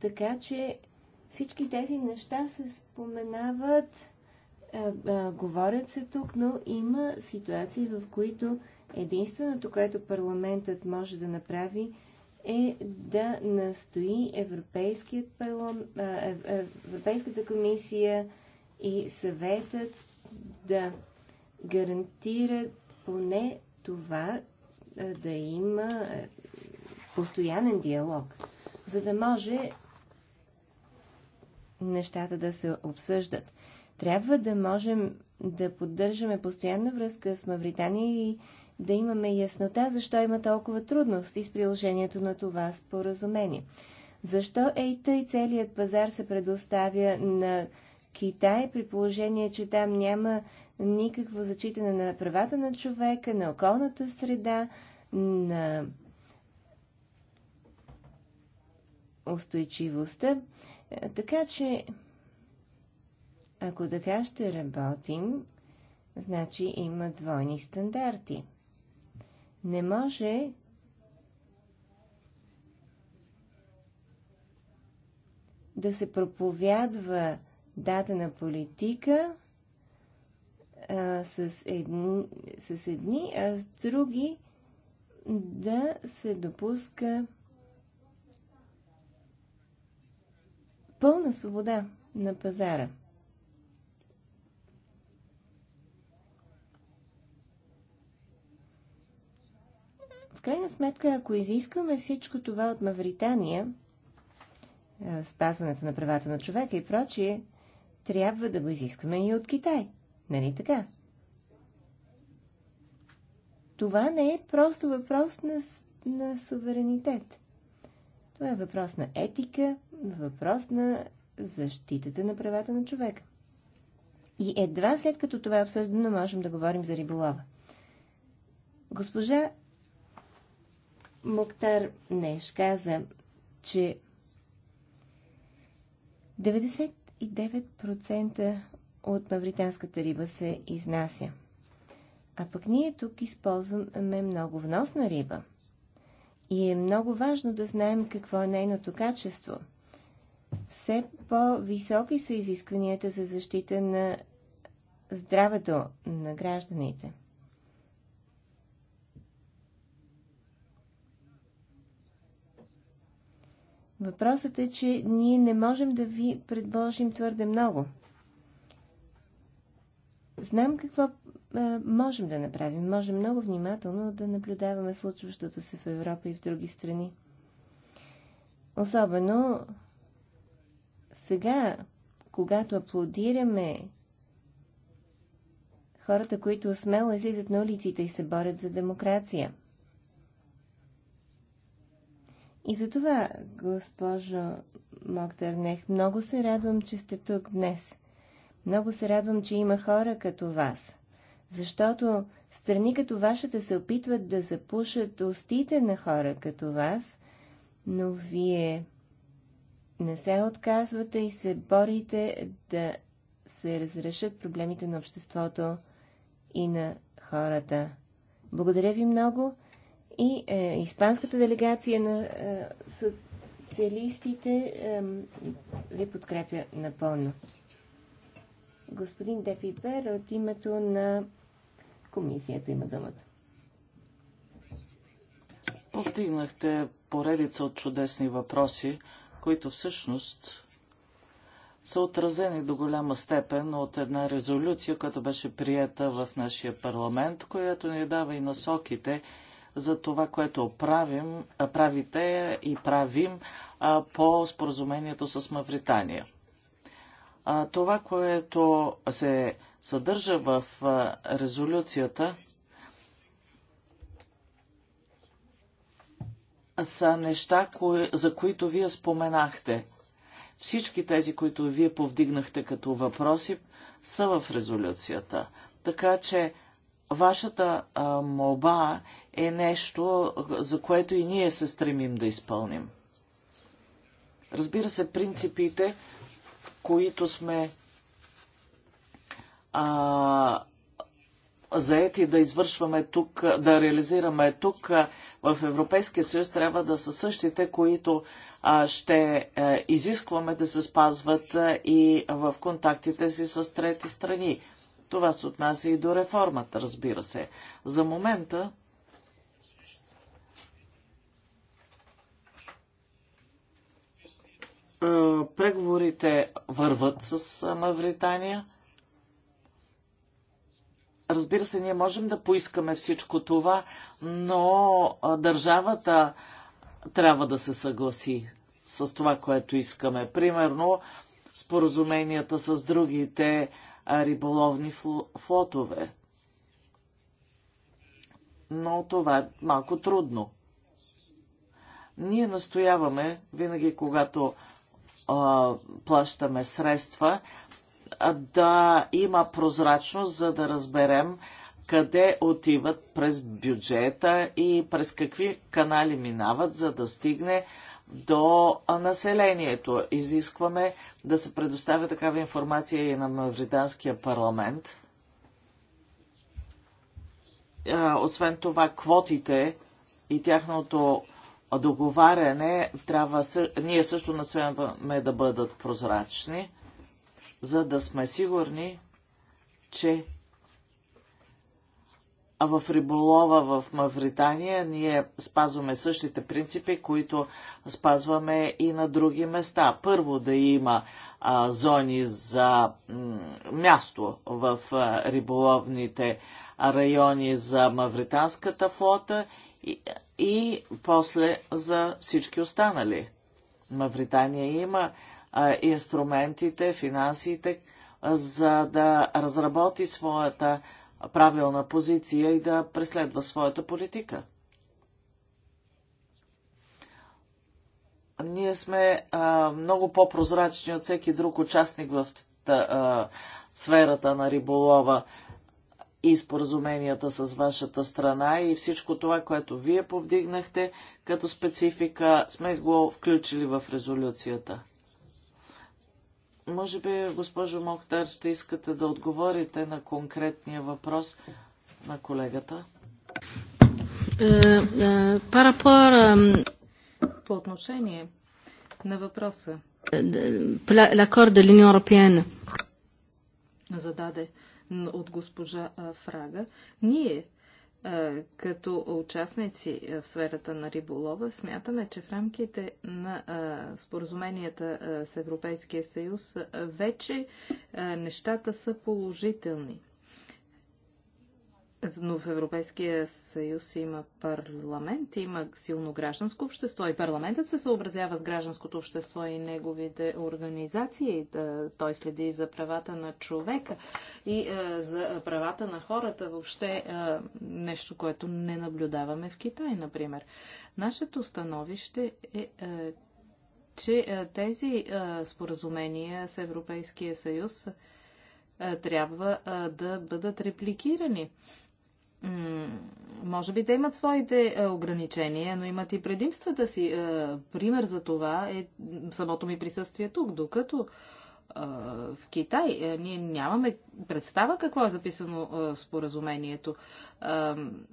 S2: Така че всички тези неща се споменават, а, е, а, е, говорят се тук, но има ситуации, в които единственото, което парламентът може да направи, е да настои Европейският парлам... Е, Европейската комисия и съветът да гарантират поне това да има постоянен диалог, за да може нещата да се обсъждат. Трябва да можем да поддържаме постоянна връзка с Мавритания и да имаме яснота защо има толкова трудности с приложението на това споразумение. Защо ЕИТА и целият пазар се предоставя на Китай, при положение, че там няма никакво зачитане на правата на човека, на околната среда, на устойчивостта. Е, така че, ако така ще работим, значи има двойни стандарти. Не може да се проповядва дадена политика а, с, едни, с едни, а с други да се допуска пълна свобода на пазара. В крайна сметка, ако изискваме всичко това от Мавритания, спазването на правата на човека и прочие, трябва да го изискаме и от Китай. Нали така? Това не е просто въпрос на, на суверенитет. Това е въпрос на етика, въпрос на защитата на правата на човека. И едва след като това е обсъждано, можем да говорим за риболова. Госпожа Моктар Неш каза, че 99% от мавританската риба се изнася. А пък ние тук използваме много вносна риба – и е много важно да знаем какво е нейното качество. Все по-високи са изискванията за защита на здравето на гражданите. Въпросът е, че ние не можем да ви предложим твърде много. Знам какво можем да направим. Можем много внимателно да наблюдаваме случващото се в Европа и в други страни. Особено сега, когато аплодираме хората, които смело излизат на улиците и се борят за демокрация. И за това, госпожо Мокдърнех, много се радвам, че сте тук днес. Много се радвам, че има хора като вас. Защото страни като вашата се опитват да запушат устите на хора като вас, но вие не се отказвате и се борите да се разрешат проблемите на обществото и на хората. Благодаря ви много и е, Испанската делегация на е, социалистите е, ви подкрепя напълно. Господин Депипер от името на Комисията има думата.
S3: Повдигнахте поредица от чудесни въпроси, които всъщност са отразени до голяма степен от една резолюция, която беше приета в нашия парламент, която ни дава и насоките за това, което правим, правите и правим а, по споразумението с Мавритания. А, това, което се съдържа в резолюцията, са неща, за които вие споменахте. Всички тези, които вие повдигнахте като въпроси, са в резолюцията. Така че вашата а, молба е нещо, за което и ние се стремим да изпълним. Разбира се, принципите, които сме а, заети да извършваме тук, да реализираме тук в Европейския съюз, трябва да са същите, които а, ще а, е, изискваме да се спазват а, и в контактите си с трети страни. Това се отнася и до реформата, разбира се. За момента е, преговорите върват с е, Мавритания – Разбира се, ние можем да поискаме всичко това, но държавата трябва да се съгласи с това, което искаме. Примерно, споразуменията с другите риболовни флотове. Но това е малко трудно. Ние настояваме, винаги когато а, плащаме средства, да има прозрачност, за да разберем къде отиват през бюджета и през какви канали минават, за да стигне до населението. Изискваме да се предоставя такава информация и на Мавританския парламент. Освен това, квотите и тяхното договаряне трябва. Ние също настояваме да бъдат прозрачни за да сме сигурни, че в риболова в Мавритания ние спазваме същите принципи, които спазваме и на други места. Първо да има а, зони за място в а, риболовните райони за мавританската флота и, и после за всички останали. Мавритания има инструментите, финансите, за да разработи своята правилна позиция и да преследва своята политика. Ние сме а, много по-прозрачни от всеки друг участник в а, сферата на риболова и споразуменията с вашата страна и всичко това, което вие повдигнахте като специфика, сме го включили в резолюцията. Може би, госпожо Мохтар, ще искате да отговорите на конкретния въпрос
S1: на колегата. Е, е, парапор по отношение на въпроса. Е, l'accord de l'Union européenne. Зададе от госпожа Фрага. Ние е, като участници в сферата на риболова, смятаме, че в рамките на е, споразуменията е, с Европейския съюз вече нещата са положителни. Но в Европейския съюз има парламент, има силно гражданско общество и парламентът се съобразява с гражданското общество и неговите организации. Той следи за правата на човека и е, за правата на хората въобще е, нещо, което не наблюдаваме в Китай, например. Нашето становище е, е че тези споразумения с Европейския съюз трябва да бъдат репликирани може би те имат своите е, ограничения, но имат и предимствата си. Е, пример за това е самото ми присъствие тук, докато е, в Китай ние нямаме представа какво е записано в споразумението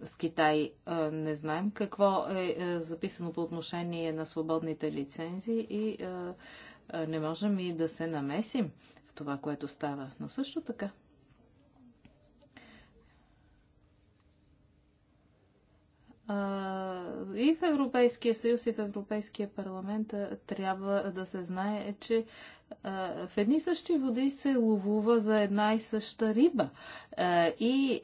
S1: с Китай. Не знаем какво е записано по отношение на свободните лицензии и не можем и да се намесим в това, което става. Но също така и в Европейския съюз, и в Европейския парламент трябва да се знае, че в едни същи води се ловува за една и съща риба. И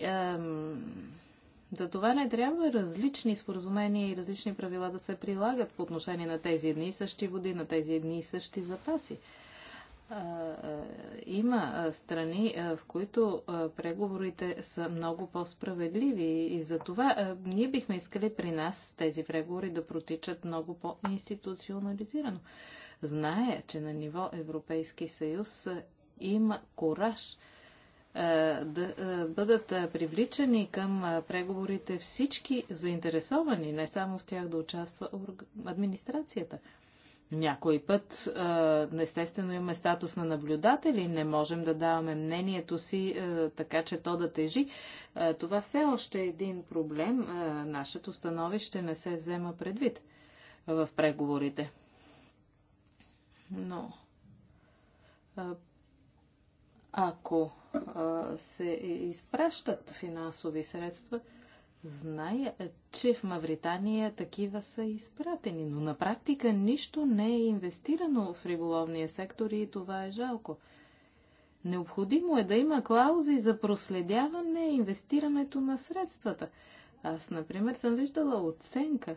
S1: за това не трябва различни споразумения и различни правила да се прилагат по отношение на тези едни и същи води, на тези едни и същи запаси има страни, в които преговорите са много по-справедливи и за това ние бихме искали при нас тези преговори да протичат много по-институционализирано. Зная, че на ниво Европейски съюз има кораж да бъдат привличани към преговорите всички заинтересовани, не само в тях да участва администрацията. Някой път, естествено, имаме статус на наблюдатели, не можем да даваме мнението си така, че то да тежи. Това все още е един проблем. Нашето становище не се взема предвид в преговорите. Но ако се изпращат финансови средства, Зная, че в Мавритания такива са изпратени, но на практика нищо не е инвестирано в риболовния сектор и това е жалко. Необходимо е да има клаузи за проследяване инвестирането на средствата. Аз, например, съм виждала оценка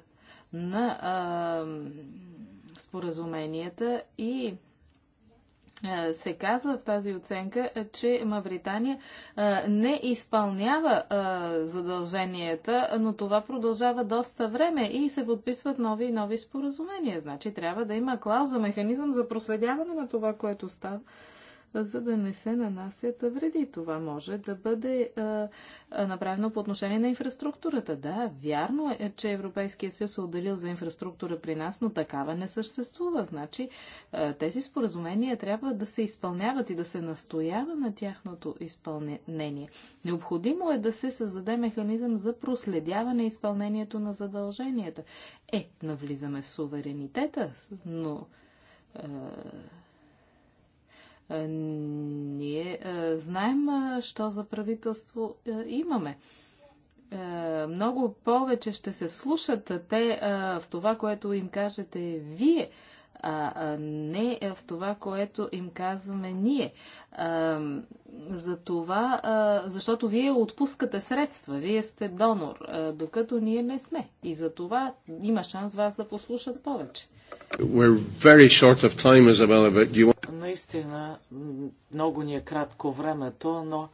S1: на а, споразуменията и е, се казва в тази оценка, е, че Мавритания е, не изпълнява задълженията, но това продължава доста време и се подписват нови и нови споразумения. Значи трябва да има клауза, механизъм за проследяване на това, което става за да не се нанасят вреди. Това може да бъде а, направено по отношение на инфраструктурата. Да, вярно е, е, че Европейския съюз е отделил за инфраструктура при нас, но такава не съществува. Значи тези споразумения трябва да се изпълняват и да се настоява на тяхното изпълнение. Необходимо е да се създаде механизъм за проследяване изпълнението на задълженията. Е, навлизаме в суверенитета, но. Е, ние е, знаем, е, що за правителство имаме много повече ще се вслушат те в това, което им кажете вие, а, не в това, което им казваме ние. за това, защото вие отпускате средства, вие сте донор, докато ние не сме. И за това има шанс вас да послушат повече.
S2: We're very short of time, Isabella, but you want...
S1: Наистина,
S3: много ни е кратко времето, но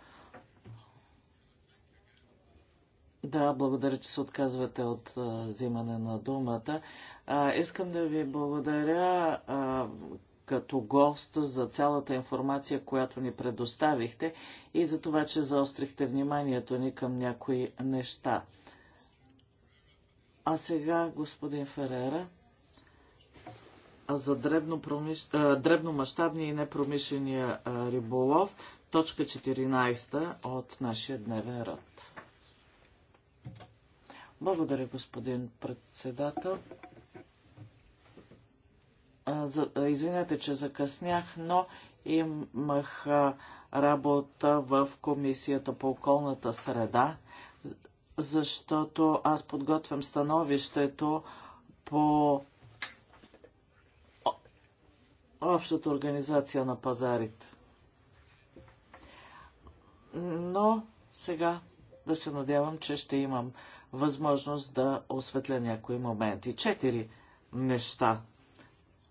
S3: да, благодаря, че се отказвате от взимане на думата. А, искам да ви благодаря а, като гост за цялата информация, която ни предоставихте и за това, че заострихте вниманието ни към някои неща. А сега, господин Ферера за дребномащабния и непромишления риболов, точка 14 от нашия дневен ред. Благодаря, господин председател. Извинете, че закъснях, но имах работа в Комисията по околната среда, защото аз подготвям становището по общата организация на пазарите. Но сега да се надявам, че ще имам възможност да осветля някои моменти. Четири неща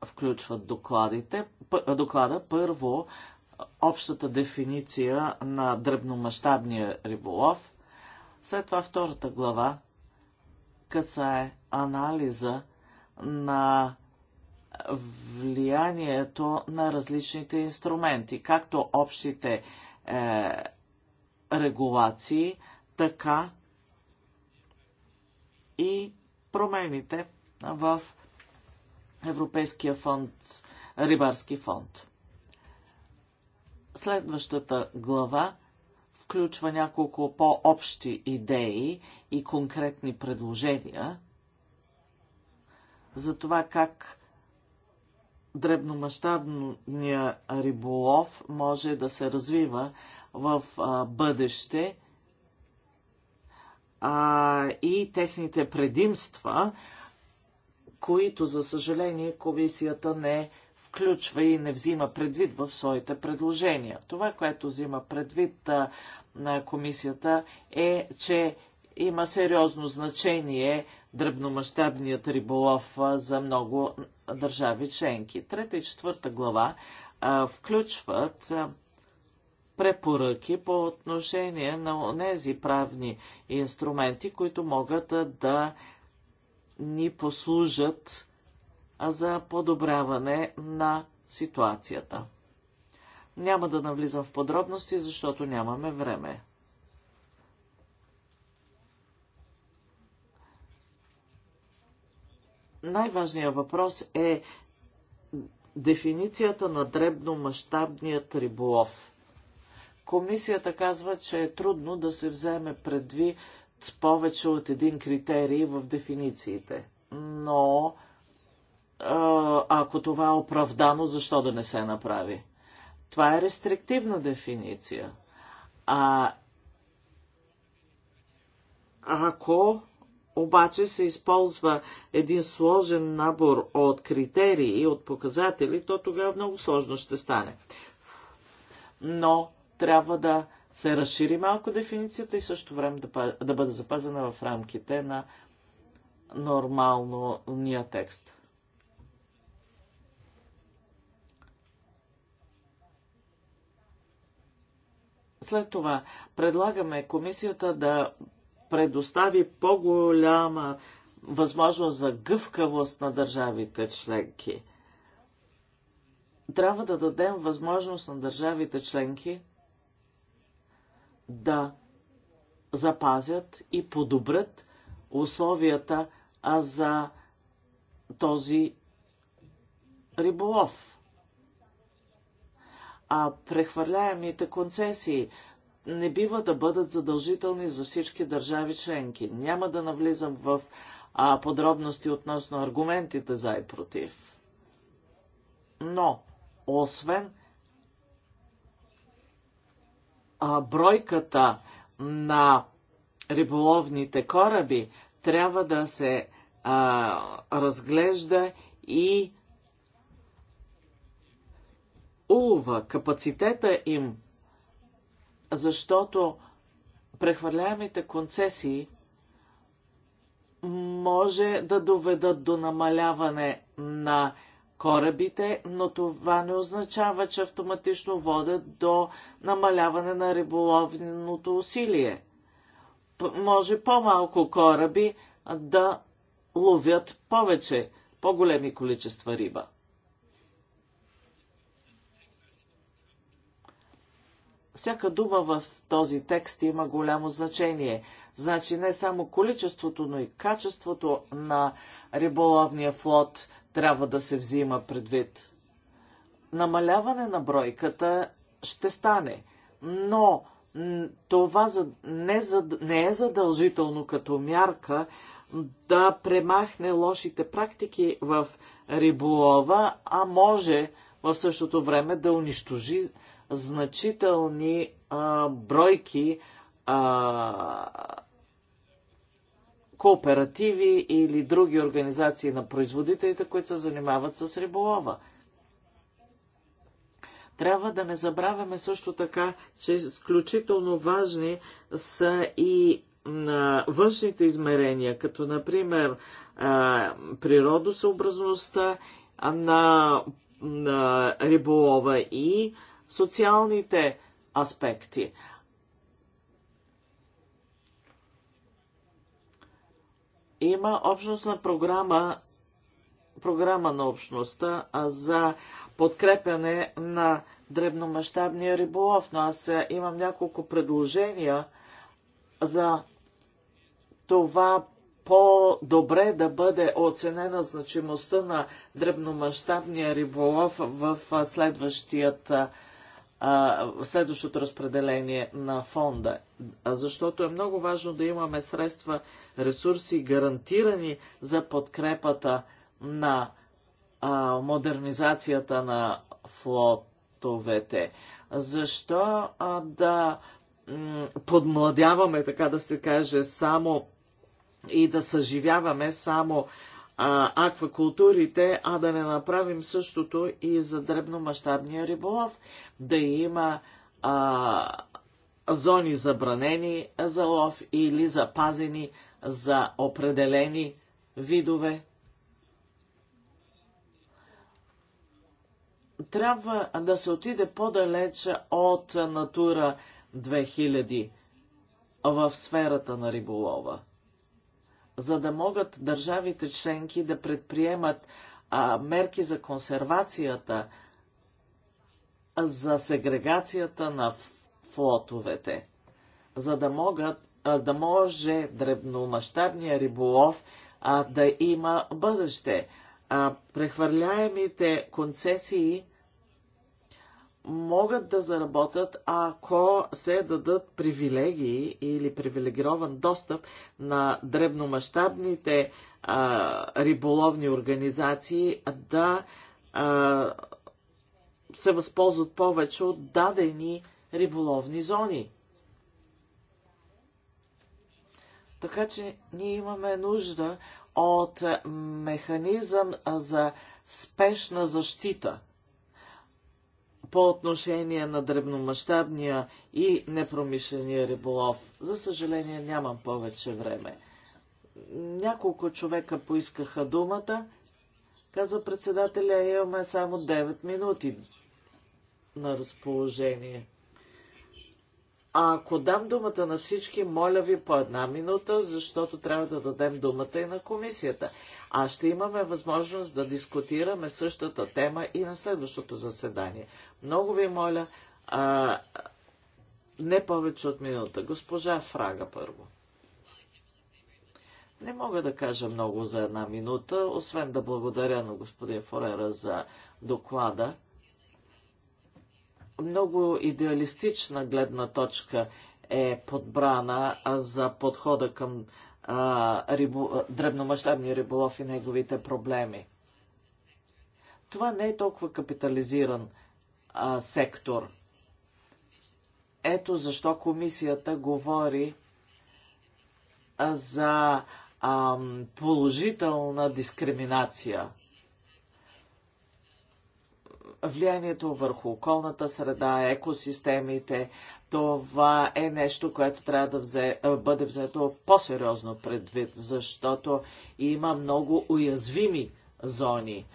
S3: включват докладите. доклада. Първо, общата дефиниция на дръбномащабния риболов. След това втората глава касае анализа на влиянието на различните инструменти, както общите е, регулации, така и промените в Европейския фонд, рибарски фонд. Следващата глава включва няколко по-общи идеи и конкретни предложения за това как дребномащабния риболов може да се развива в а, бъдеще а, и техните предимства, които, за съжаление, комисията не включва и не взима предвид в своите предложения. Това, което взима предвид а, на комисията е, че има сериозно значение дръбномащабният риболов за много държави членки. Трета и четвърта глава а, включват препоръки по отношение на тези правни инструменти, които могат да ни послужат за подобряване на ситуацията. Няма да навлизам в подробности, защото нямаме време. най-важният въпрос е дефиницията на дребномащабният риболов. Комисията казва, че е трудно да се вземе предвид повече от един критерий в дефинициите. Но ако това е оправдано, защо да не се направи? Това е рестриктивна дефиниция. А ако обаче се използва един сложен набор от критерии и от показатели, то тогава много сложно ще стане. Но трябва да се разшири малко дефиницията и също време да, да бъде запазена в рамките на нормалния текст. След това предлагаме комисията да предостави по-голяма възможност за гъвкавост на държавите членки. Трябва да дадем възможност на държавите членки да запазят и подобрят условията а за този риболов. А прехвърляемите концесии – не бива да бъдат задължителни за всички държави членки. Няма да навлизам в а, подробности относно аргументите за и против. Но, освен а, бройката на риболовните кораби, трябва да се а, разглежда и улова, капацитета им защото прехвърляемите концесии може да доведат до намаляване на корабите, но това не означава, че автоматично водят до намаляване на риболовното усилие. П може по-малко кораби да ловят повече, по-големи количества риба. всяка дума в този текст има голямо значение. Значи не само количеството, но и качеството на риболовния флот трябва да се взима предвид. Намаляване на бройката ще стане, но това не, не е задължително като мярка да премахне лошите практики в риболова, а може в същото време да унищожи значителни а, бройки а, кооперативи или други организации на производителите, които се занимават с риболова. Трябва да не забравяме също така, че изключително важни са и на външните измерения, като например природосъобразността на, на риболова и социалните аспекти. Има общностна програма, програма на общността за подкрепяне на дребномащабния риболов, но аз имам няколко предложения за това по-добре да бъде оценена значимостта на дребномащабния риболов в следващият а, следващото разпределение на фонда. Защото е много важно да имаме средства, ресурси гарантирани за подкрепата на а, модернизацията на флотовете. Защо а, да подмладяваме, така да се каже, само и да съживяваме само а, аквакултурите, а да не направим същото и за дребномащабния риболов. Да има а, зони забранени за лов или запазени за определени видове. Трябва да се отиде по-далеч от Натура 2000 в сферата на риболова за да могат държавите членки да предприемат а, мерки за консервацията, за сегрегацията на флотовете, за да могат а, да може дребномащабния риболов а, да има бъдеще. А, прехвърляемите концесии – могат да заработят, ако се дадат привилегии или привилегирован достъп на дребномащабните риболовни организации да а, се възползват повече от дадени риболовни зони. Така че ние имаме нужда от механизъм за спешна защита – по отношение на дребномащабния и непромишления риболов. За съжаление нямам повече време. Няколко човека поискаха думата. Казва председателя, имаме само 9 минути на разположение. Ако дам думата на всички, моля ви по една минута, защото трябва да дадем думата и на комисията. А ще имаме възможност да дискутираме същата тема и на следващото заседание. Много ви моля, а, не повече от минута. Госпожа Фрага първо. Не мога да кажа много за една минута, освен да благодаря на господин Форера за доклада много идеалистична гледна точка е подбрана за подхода към древномащабния рибо, дребномащабния риболов и неговите проблеми. Това не е толкова капитализиран а, сектор. Ето защо комисията говори за а, положителна дискриминация – влиянието върху околната среда, екосистемите, това е нещо, което трябва да взе, е, бъде взето по-сериозно предвид, защото има много уязвими зони.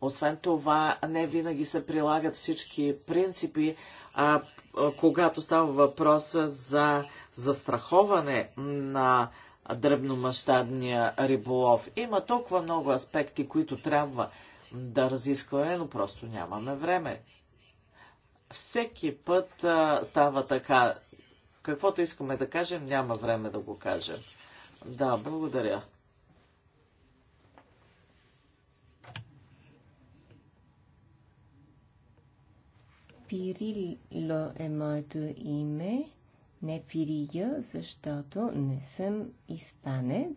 S3: Освен това, не винаги се прилагат всички принципи, а когато става въпрос за застраховане на дръбномащабния риболов. Има толкова много аспекти, които трябва да разискваме, но просто нямаме време. Всеки път а, става така. Каквото искаме да кажем, няма време да го кажем. Да, благодаря.
S2: Пирило е моето име не пирия, защото не съм испанец.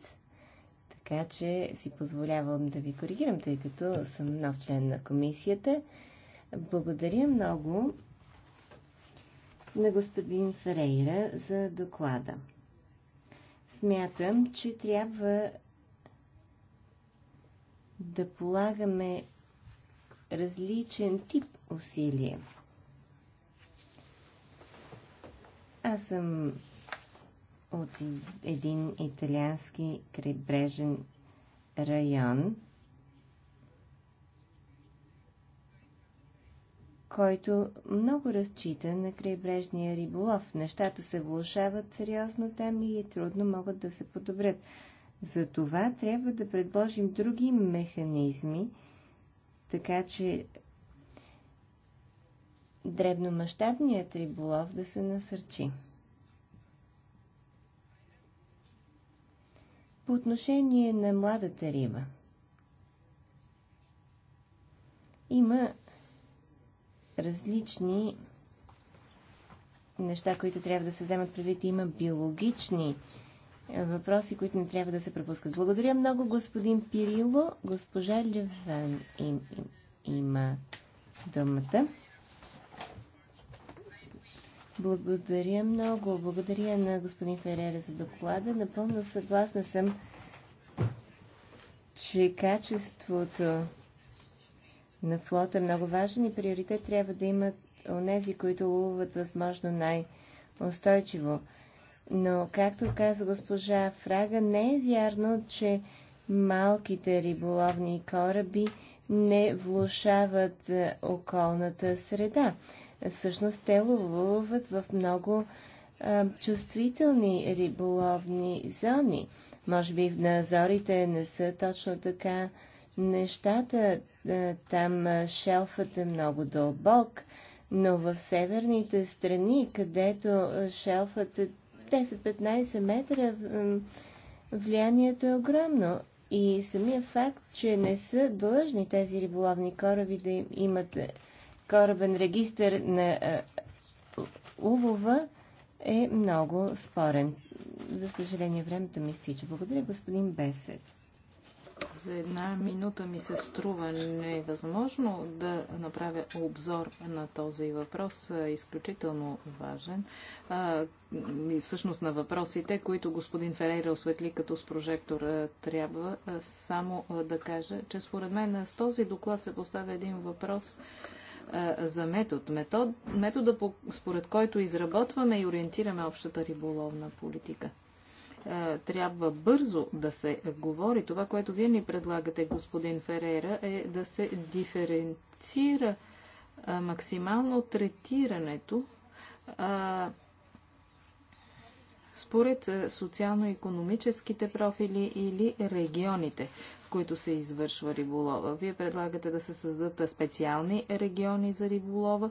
S2: Така че си позволявам да ви коригирам, тъй като съм нов член на комисията. Благодаря много на господин Ферейра за доклада. Смятам, че трябва да полагаме различен тип усилия. Аз съм от един италиански крайбрежен район, който много разчита на крайбрежния риболов. Нещата се влушават сериозно там и е трудно могат да се подобрят. За това трябва да предложим други механизми, така че дребномащабният риболов да се насърчи. По отношение на младата риба. Има различни неща, които трябва да се вземат предвид. Има биологични е, въпроси, които не трябва да се пропускат. Благодаря много, господин Пирило. Госпожа Леван им, им, има думата. Благодаря много. Благодаря на господин Ферера за доклада. Напълно съгласна съм, че качеството на флота е много важен и приоритет трябва да имат онези, които ловуват възможно най-устойчиво. Но, както каза госпожа Фрага, не е вярно, че малките риболовни кораби не влушават е, околната среда всъщност те ловуват в много а, чувствителни риболовни зони. Може би на Азорите не са точно така нещата. Там шелфът е много дълбок, но в северните страни, където шелфът е 10-15 метра, влиянието е огромно. И самия факт, че не са длъжни тези риболовни кораби да имат корабен регистр на е, улова е много спорен. За съжаление, времето ми стича. Благодаря, господин Бесед. За една минута ми се струва
S1: невъзможно да направя обзор на този въпрос, е, изключително важен. А, всъщност на въпросите, които господин Ферейра осветли като с прожектор, е, трябва само да кажа, че според мен с този доклад се поставя един въпрос, за метод. метод метода, според който изработваме и ориентираме общата риболовна политика трябва бързо да се говори. Това, което вие ни предлагате, господин Ферера, е да се диференцира максимално третирането според социално-економическите профили или регионите които се извършва риболова. Вие предлагате да се създадат специални региони за риболова,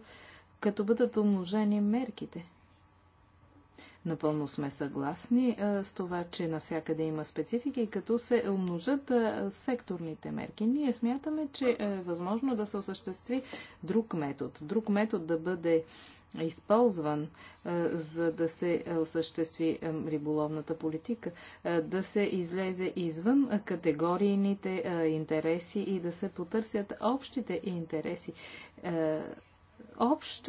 S1: като бъдат умножени мерките. Напълно сме съгласни а, с това, че навсякъде има специфики, като се умножат а, секторните мерки. Ние смятаме, че е възможно да се осъществи друг метод. Друг метод да бъде а, е използван, е, за да се е, осъществи риболовната политика, да се излезе извън категорийните интереси и да се потърсят общите интереси. Общ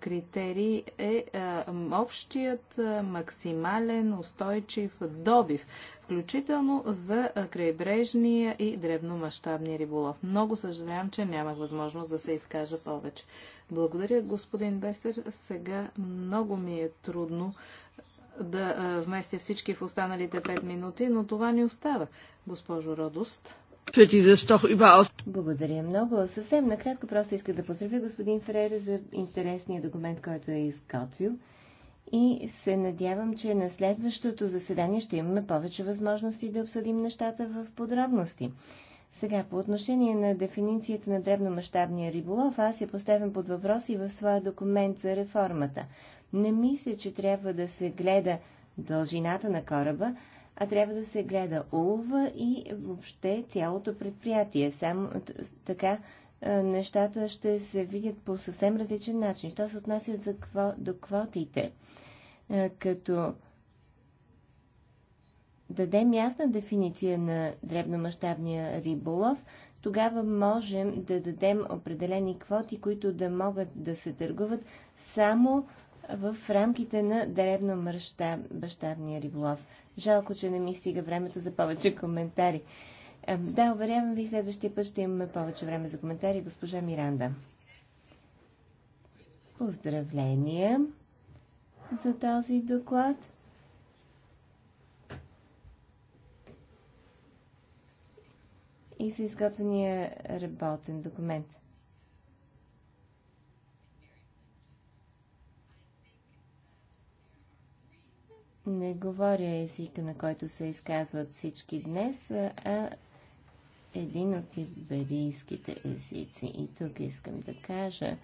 S1: критерий е общият максимален устойчив добив включително за крайбрежния и дребномащабния риболов. Много съжалявам, че нямах възможност да се изкажа повече. Благодаря, господин Бесер. Сега много ми е трудно да вместя всички в
S2: останалите 5 минути,
S1: но това ни остава. Госпожо Родост.
S2: Благодаря много. Съвсем накратко просто иска да поздравя господин Ферера за интересния документ, който е изготвил и се надявам, че на следващото заседание ще имаме повече възможности да обсъдим нещата в подробности. Сега, по отношение на дефиницията на дребномащабния риболов, аз я поставям под въпрос и в своя документ за реформата. Не мисля, че трябва да се гледа дължината на кораба, а трябва да се гледа улова и въобще цялото предприятие. Само така е, нещата ще се видят по съвсем различен начин. Що се отнася за кво, до квотите, е, като дадем ясна дефиниция на дребномащабния риболов, тогава можем да дадем определени квоти, които да могат да се търгуват само в рамките на дребномащабния риболов. Жалко, че не ми стига времето за повече коментари. Да, уверявам ви, следващия път ще имаме повече време за коментари. Госпожа Миранда. Поздравления за този доклад. И за изготвения работен документ. Не говоря езика, на който се изказват всички днес, а един от иберийските езици. И тук искам да кажа,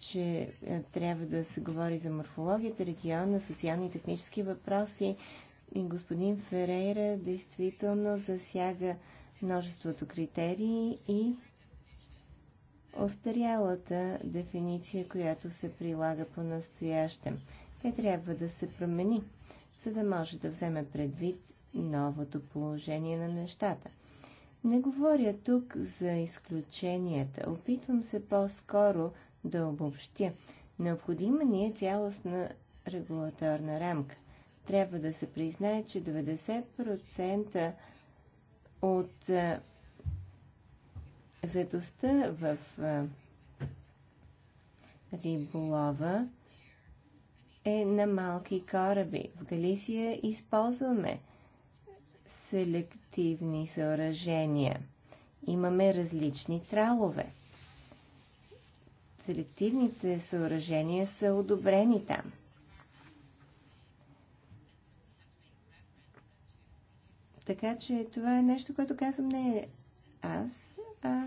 S2: че е, трябва да се говори за морфологията, региона, социални и технически въпроси. И господин Ферейра действително засяга множеството критерии и остарялата дефиниция, която се прилага по настоящем. Тя трябва да се промени, за да може да вземе предвид новото положение на нещата – не говоря тук за изключенията. Опитвам се по-скоро да обобщя. Необходима ни е цялостна регулаторна рамка. Трябва да се признае, че 90% от а, заедостта в а, риболова е на малки кораби. В Галисия използваме селективни съоръжения. Имаме различни тралове. Селективните съоръжения са одобрени там. Така че това е нещо, което казвам не аз, а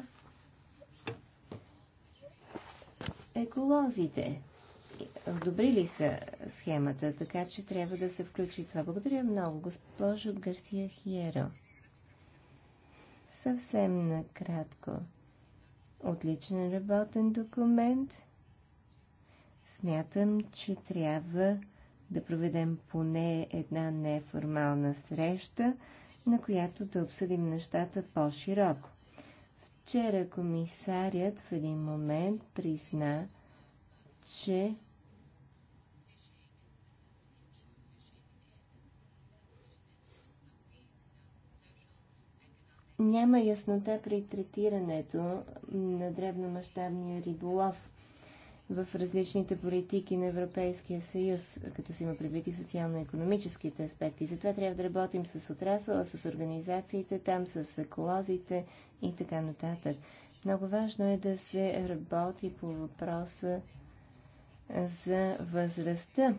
S2: еколозите одобрили са схемата, така че трябва да се включи това. Благодаря много, госпожо Гарсия Хиеро. Съвсем накратко. Отличен работен документ. Смятам, че трябва да проведем поне една неформална среща, на която да обсъдим нещата по-широко. Вчера комисарят в един момент призна, че Няма яснота при третирането на дребномащабния риболов в различните политики на Европейския съюз, като си има предвид и социално-економическите аспекти. Затова трябва да работим с отрасъла, с организациите там, с еколозите и така нататък. Много важно е да се работи по въпроса за възрастта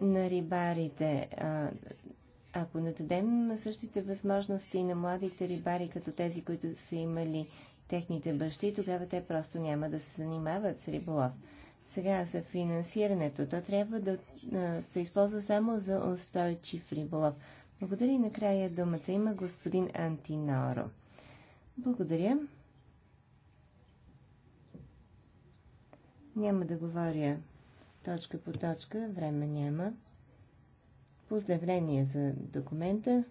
S2: на рибарите. Ако не дадем същите възможности на младите рибари, като тези, които са имали техните бащи, тогава те просто няма да се занимават с риболов. Сега за финансирането. То трябва да се използва само за устойчив риболов. Благодаря и накрая думата има господин Антиноро. Благодаря. Няма да говоря точка по точка, време няма. Поздравление за документа.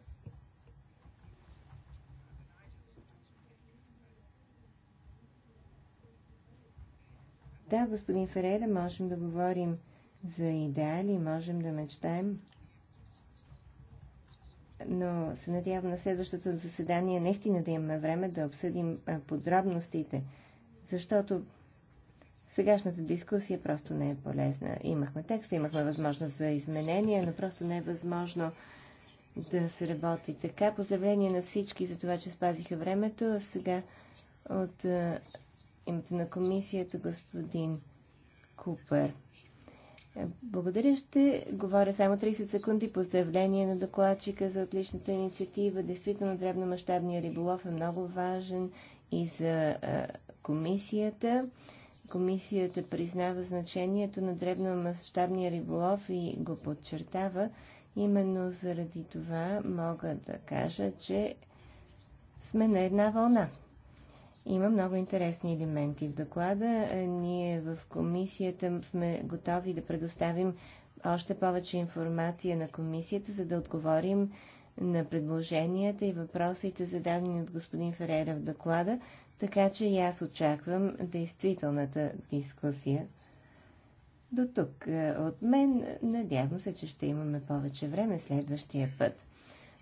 S2: Да, господин Ферера, можем да говорим за идеали, можем да мечтаем, но се надявам на следващото заседание наистина да имаме време да обсъдим подробностите, защото сегашната дискусия просто не е полезна. Имахме текста, имахме възможност за изменения, но просто не е възможно да се работи така. Поздравление на всички за това, че спазиха времето. А сега от а, името на комисията господин Купер. Благодаря, ще говоря само 30 секунди. Поздравление на докладчика за отличната инициатива. Действително, дребномащабният риболов е много важен и за а, комисията. Комисията признава значението на дребномащабния риболов и го подчертава. Именно заради това мога да кажа, че сме на една вълна. Има много интересни елементи в доклада. Ние в комисията сме готови да предоставим още повече информация на комисията, за да отговорим на предложенията и въпросите, зададени от господин Ферера в доклада. Така че и аз очаквам действителната дискусия. До тук е, от мен. Надявам се, че ще имаме повече време следващия път.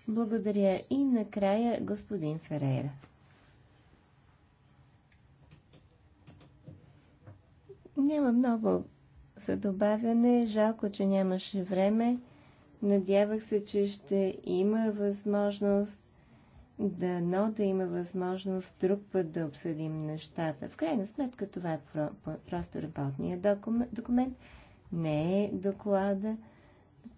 S2: Благодаря и накрая господин Ферейра. Няма много за добавяне. Жалко, че нямаше време. Надявах се, че ще има възможност дано да има възможност друг път да обсъдим нещата. В крайна сметка това е про, просто работният документ, не е доклада,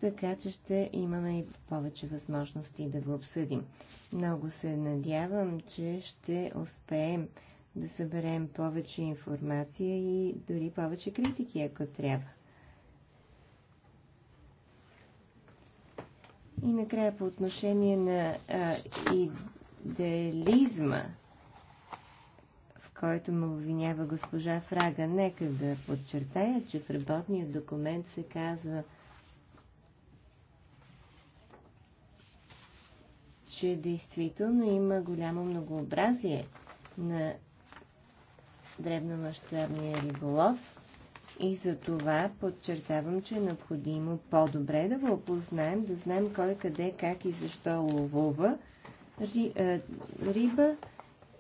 S2: така че ще имаме и повече възможности да го обсъдим. Много се надявам, че ще успеем да съберем повече информация и дори повече критики, ако трябва. И накрая по отношение на а, идеализма, в който ме обвинява госпожа Фрага, нека да подчертая, че в работния документ се казва, че действително има голямо многообразие на дребномащабния риболов и за това подчертавам, че е необходимо по-добре да го опознаем, да знаем кой къде, как и защо ловува ри, а, е, риба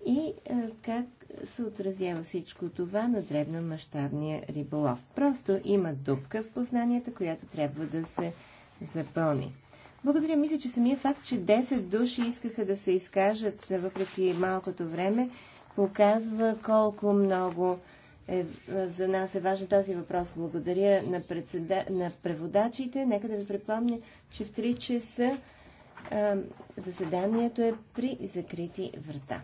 S2: и а, е, как се отразява всичко това на дребномащабния риболов. Просто има дупка в познанията, която трябва да се запълни. Благодаря. Мисля, че самия факт, че 10 души искаха да се изкажат, е, въпреки малкото време, показва колко много е, за нас е важен този въпрос. Благодаря на, председа... на преводачите. Нека да ви припомня, че в 3 часа а, заседанието е при закрити врата.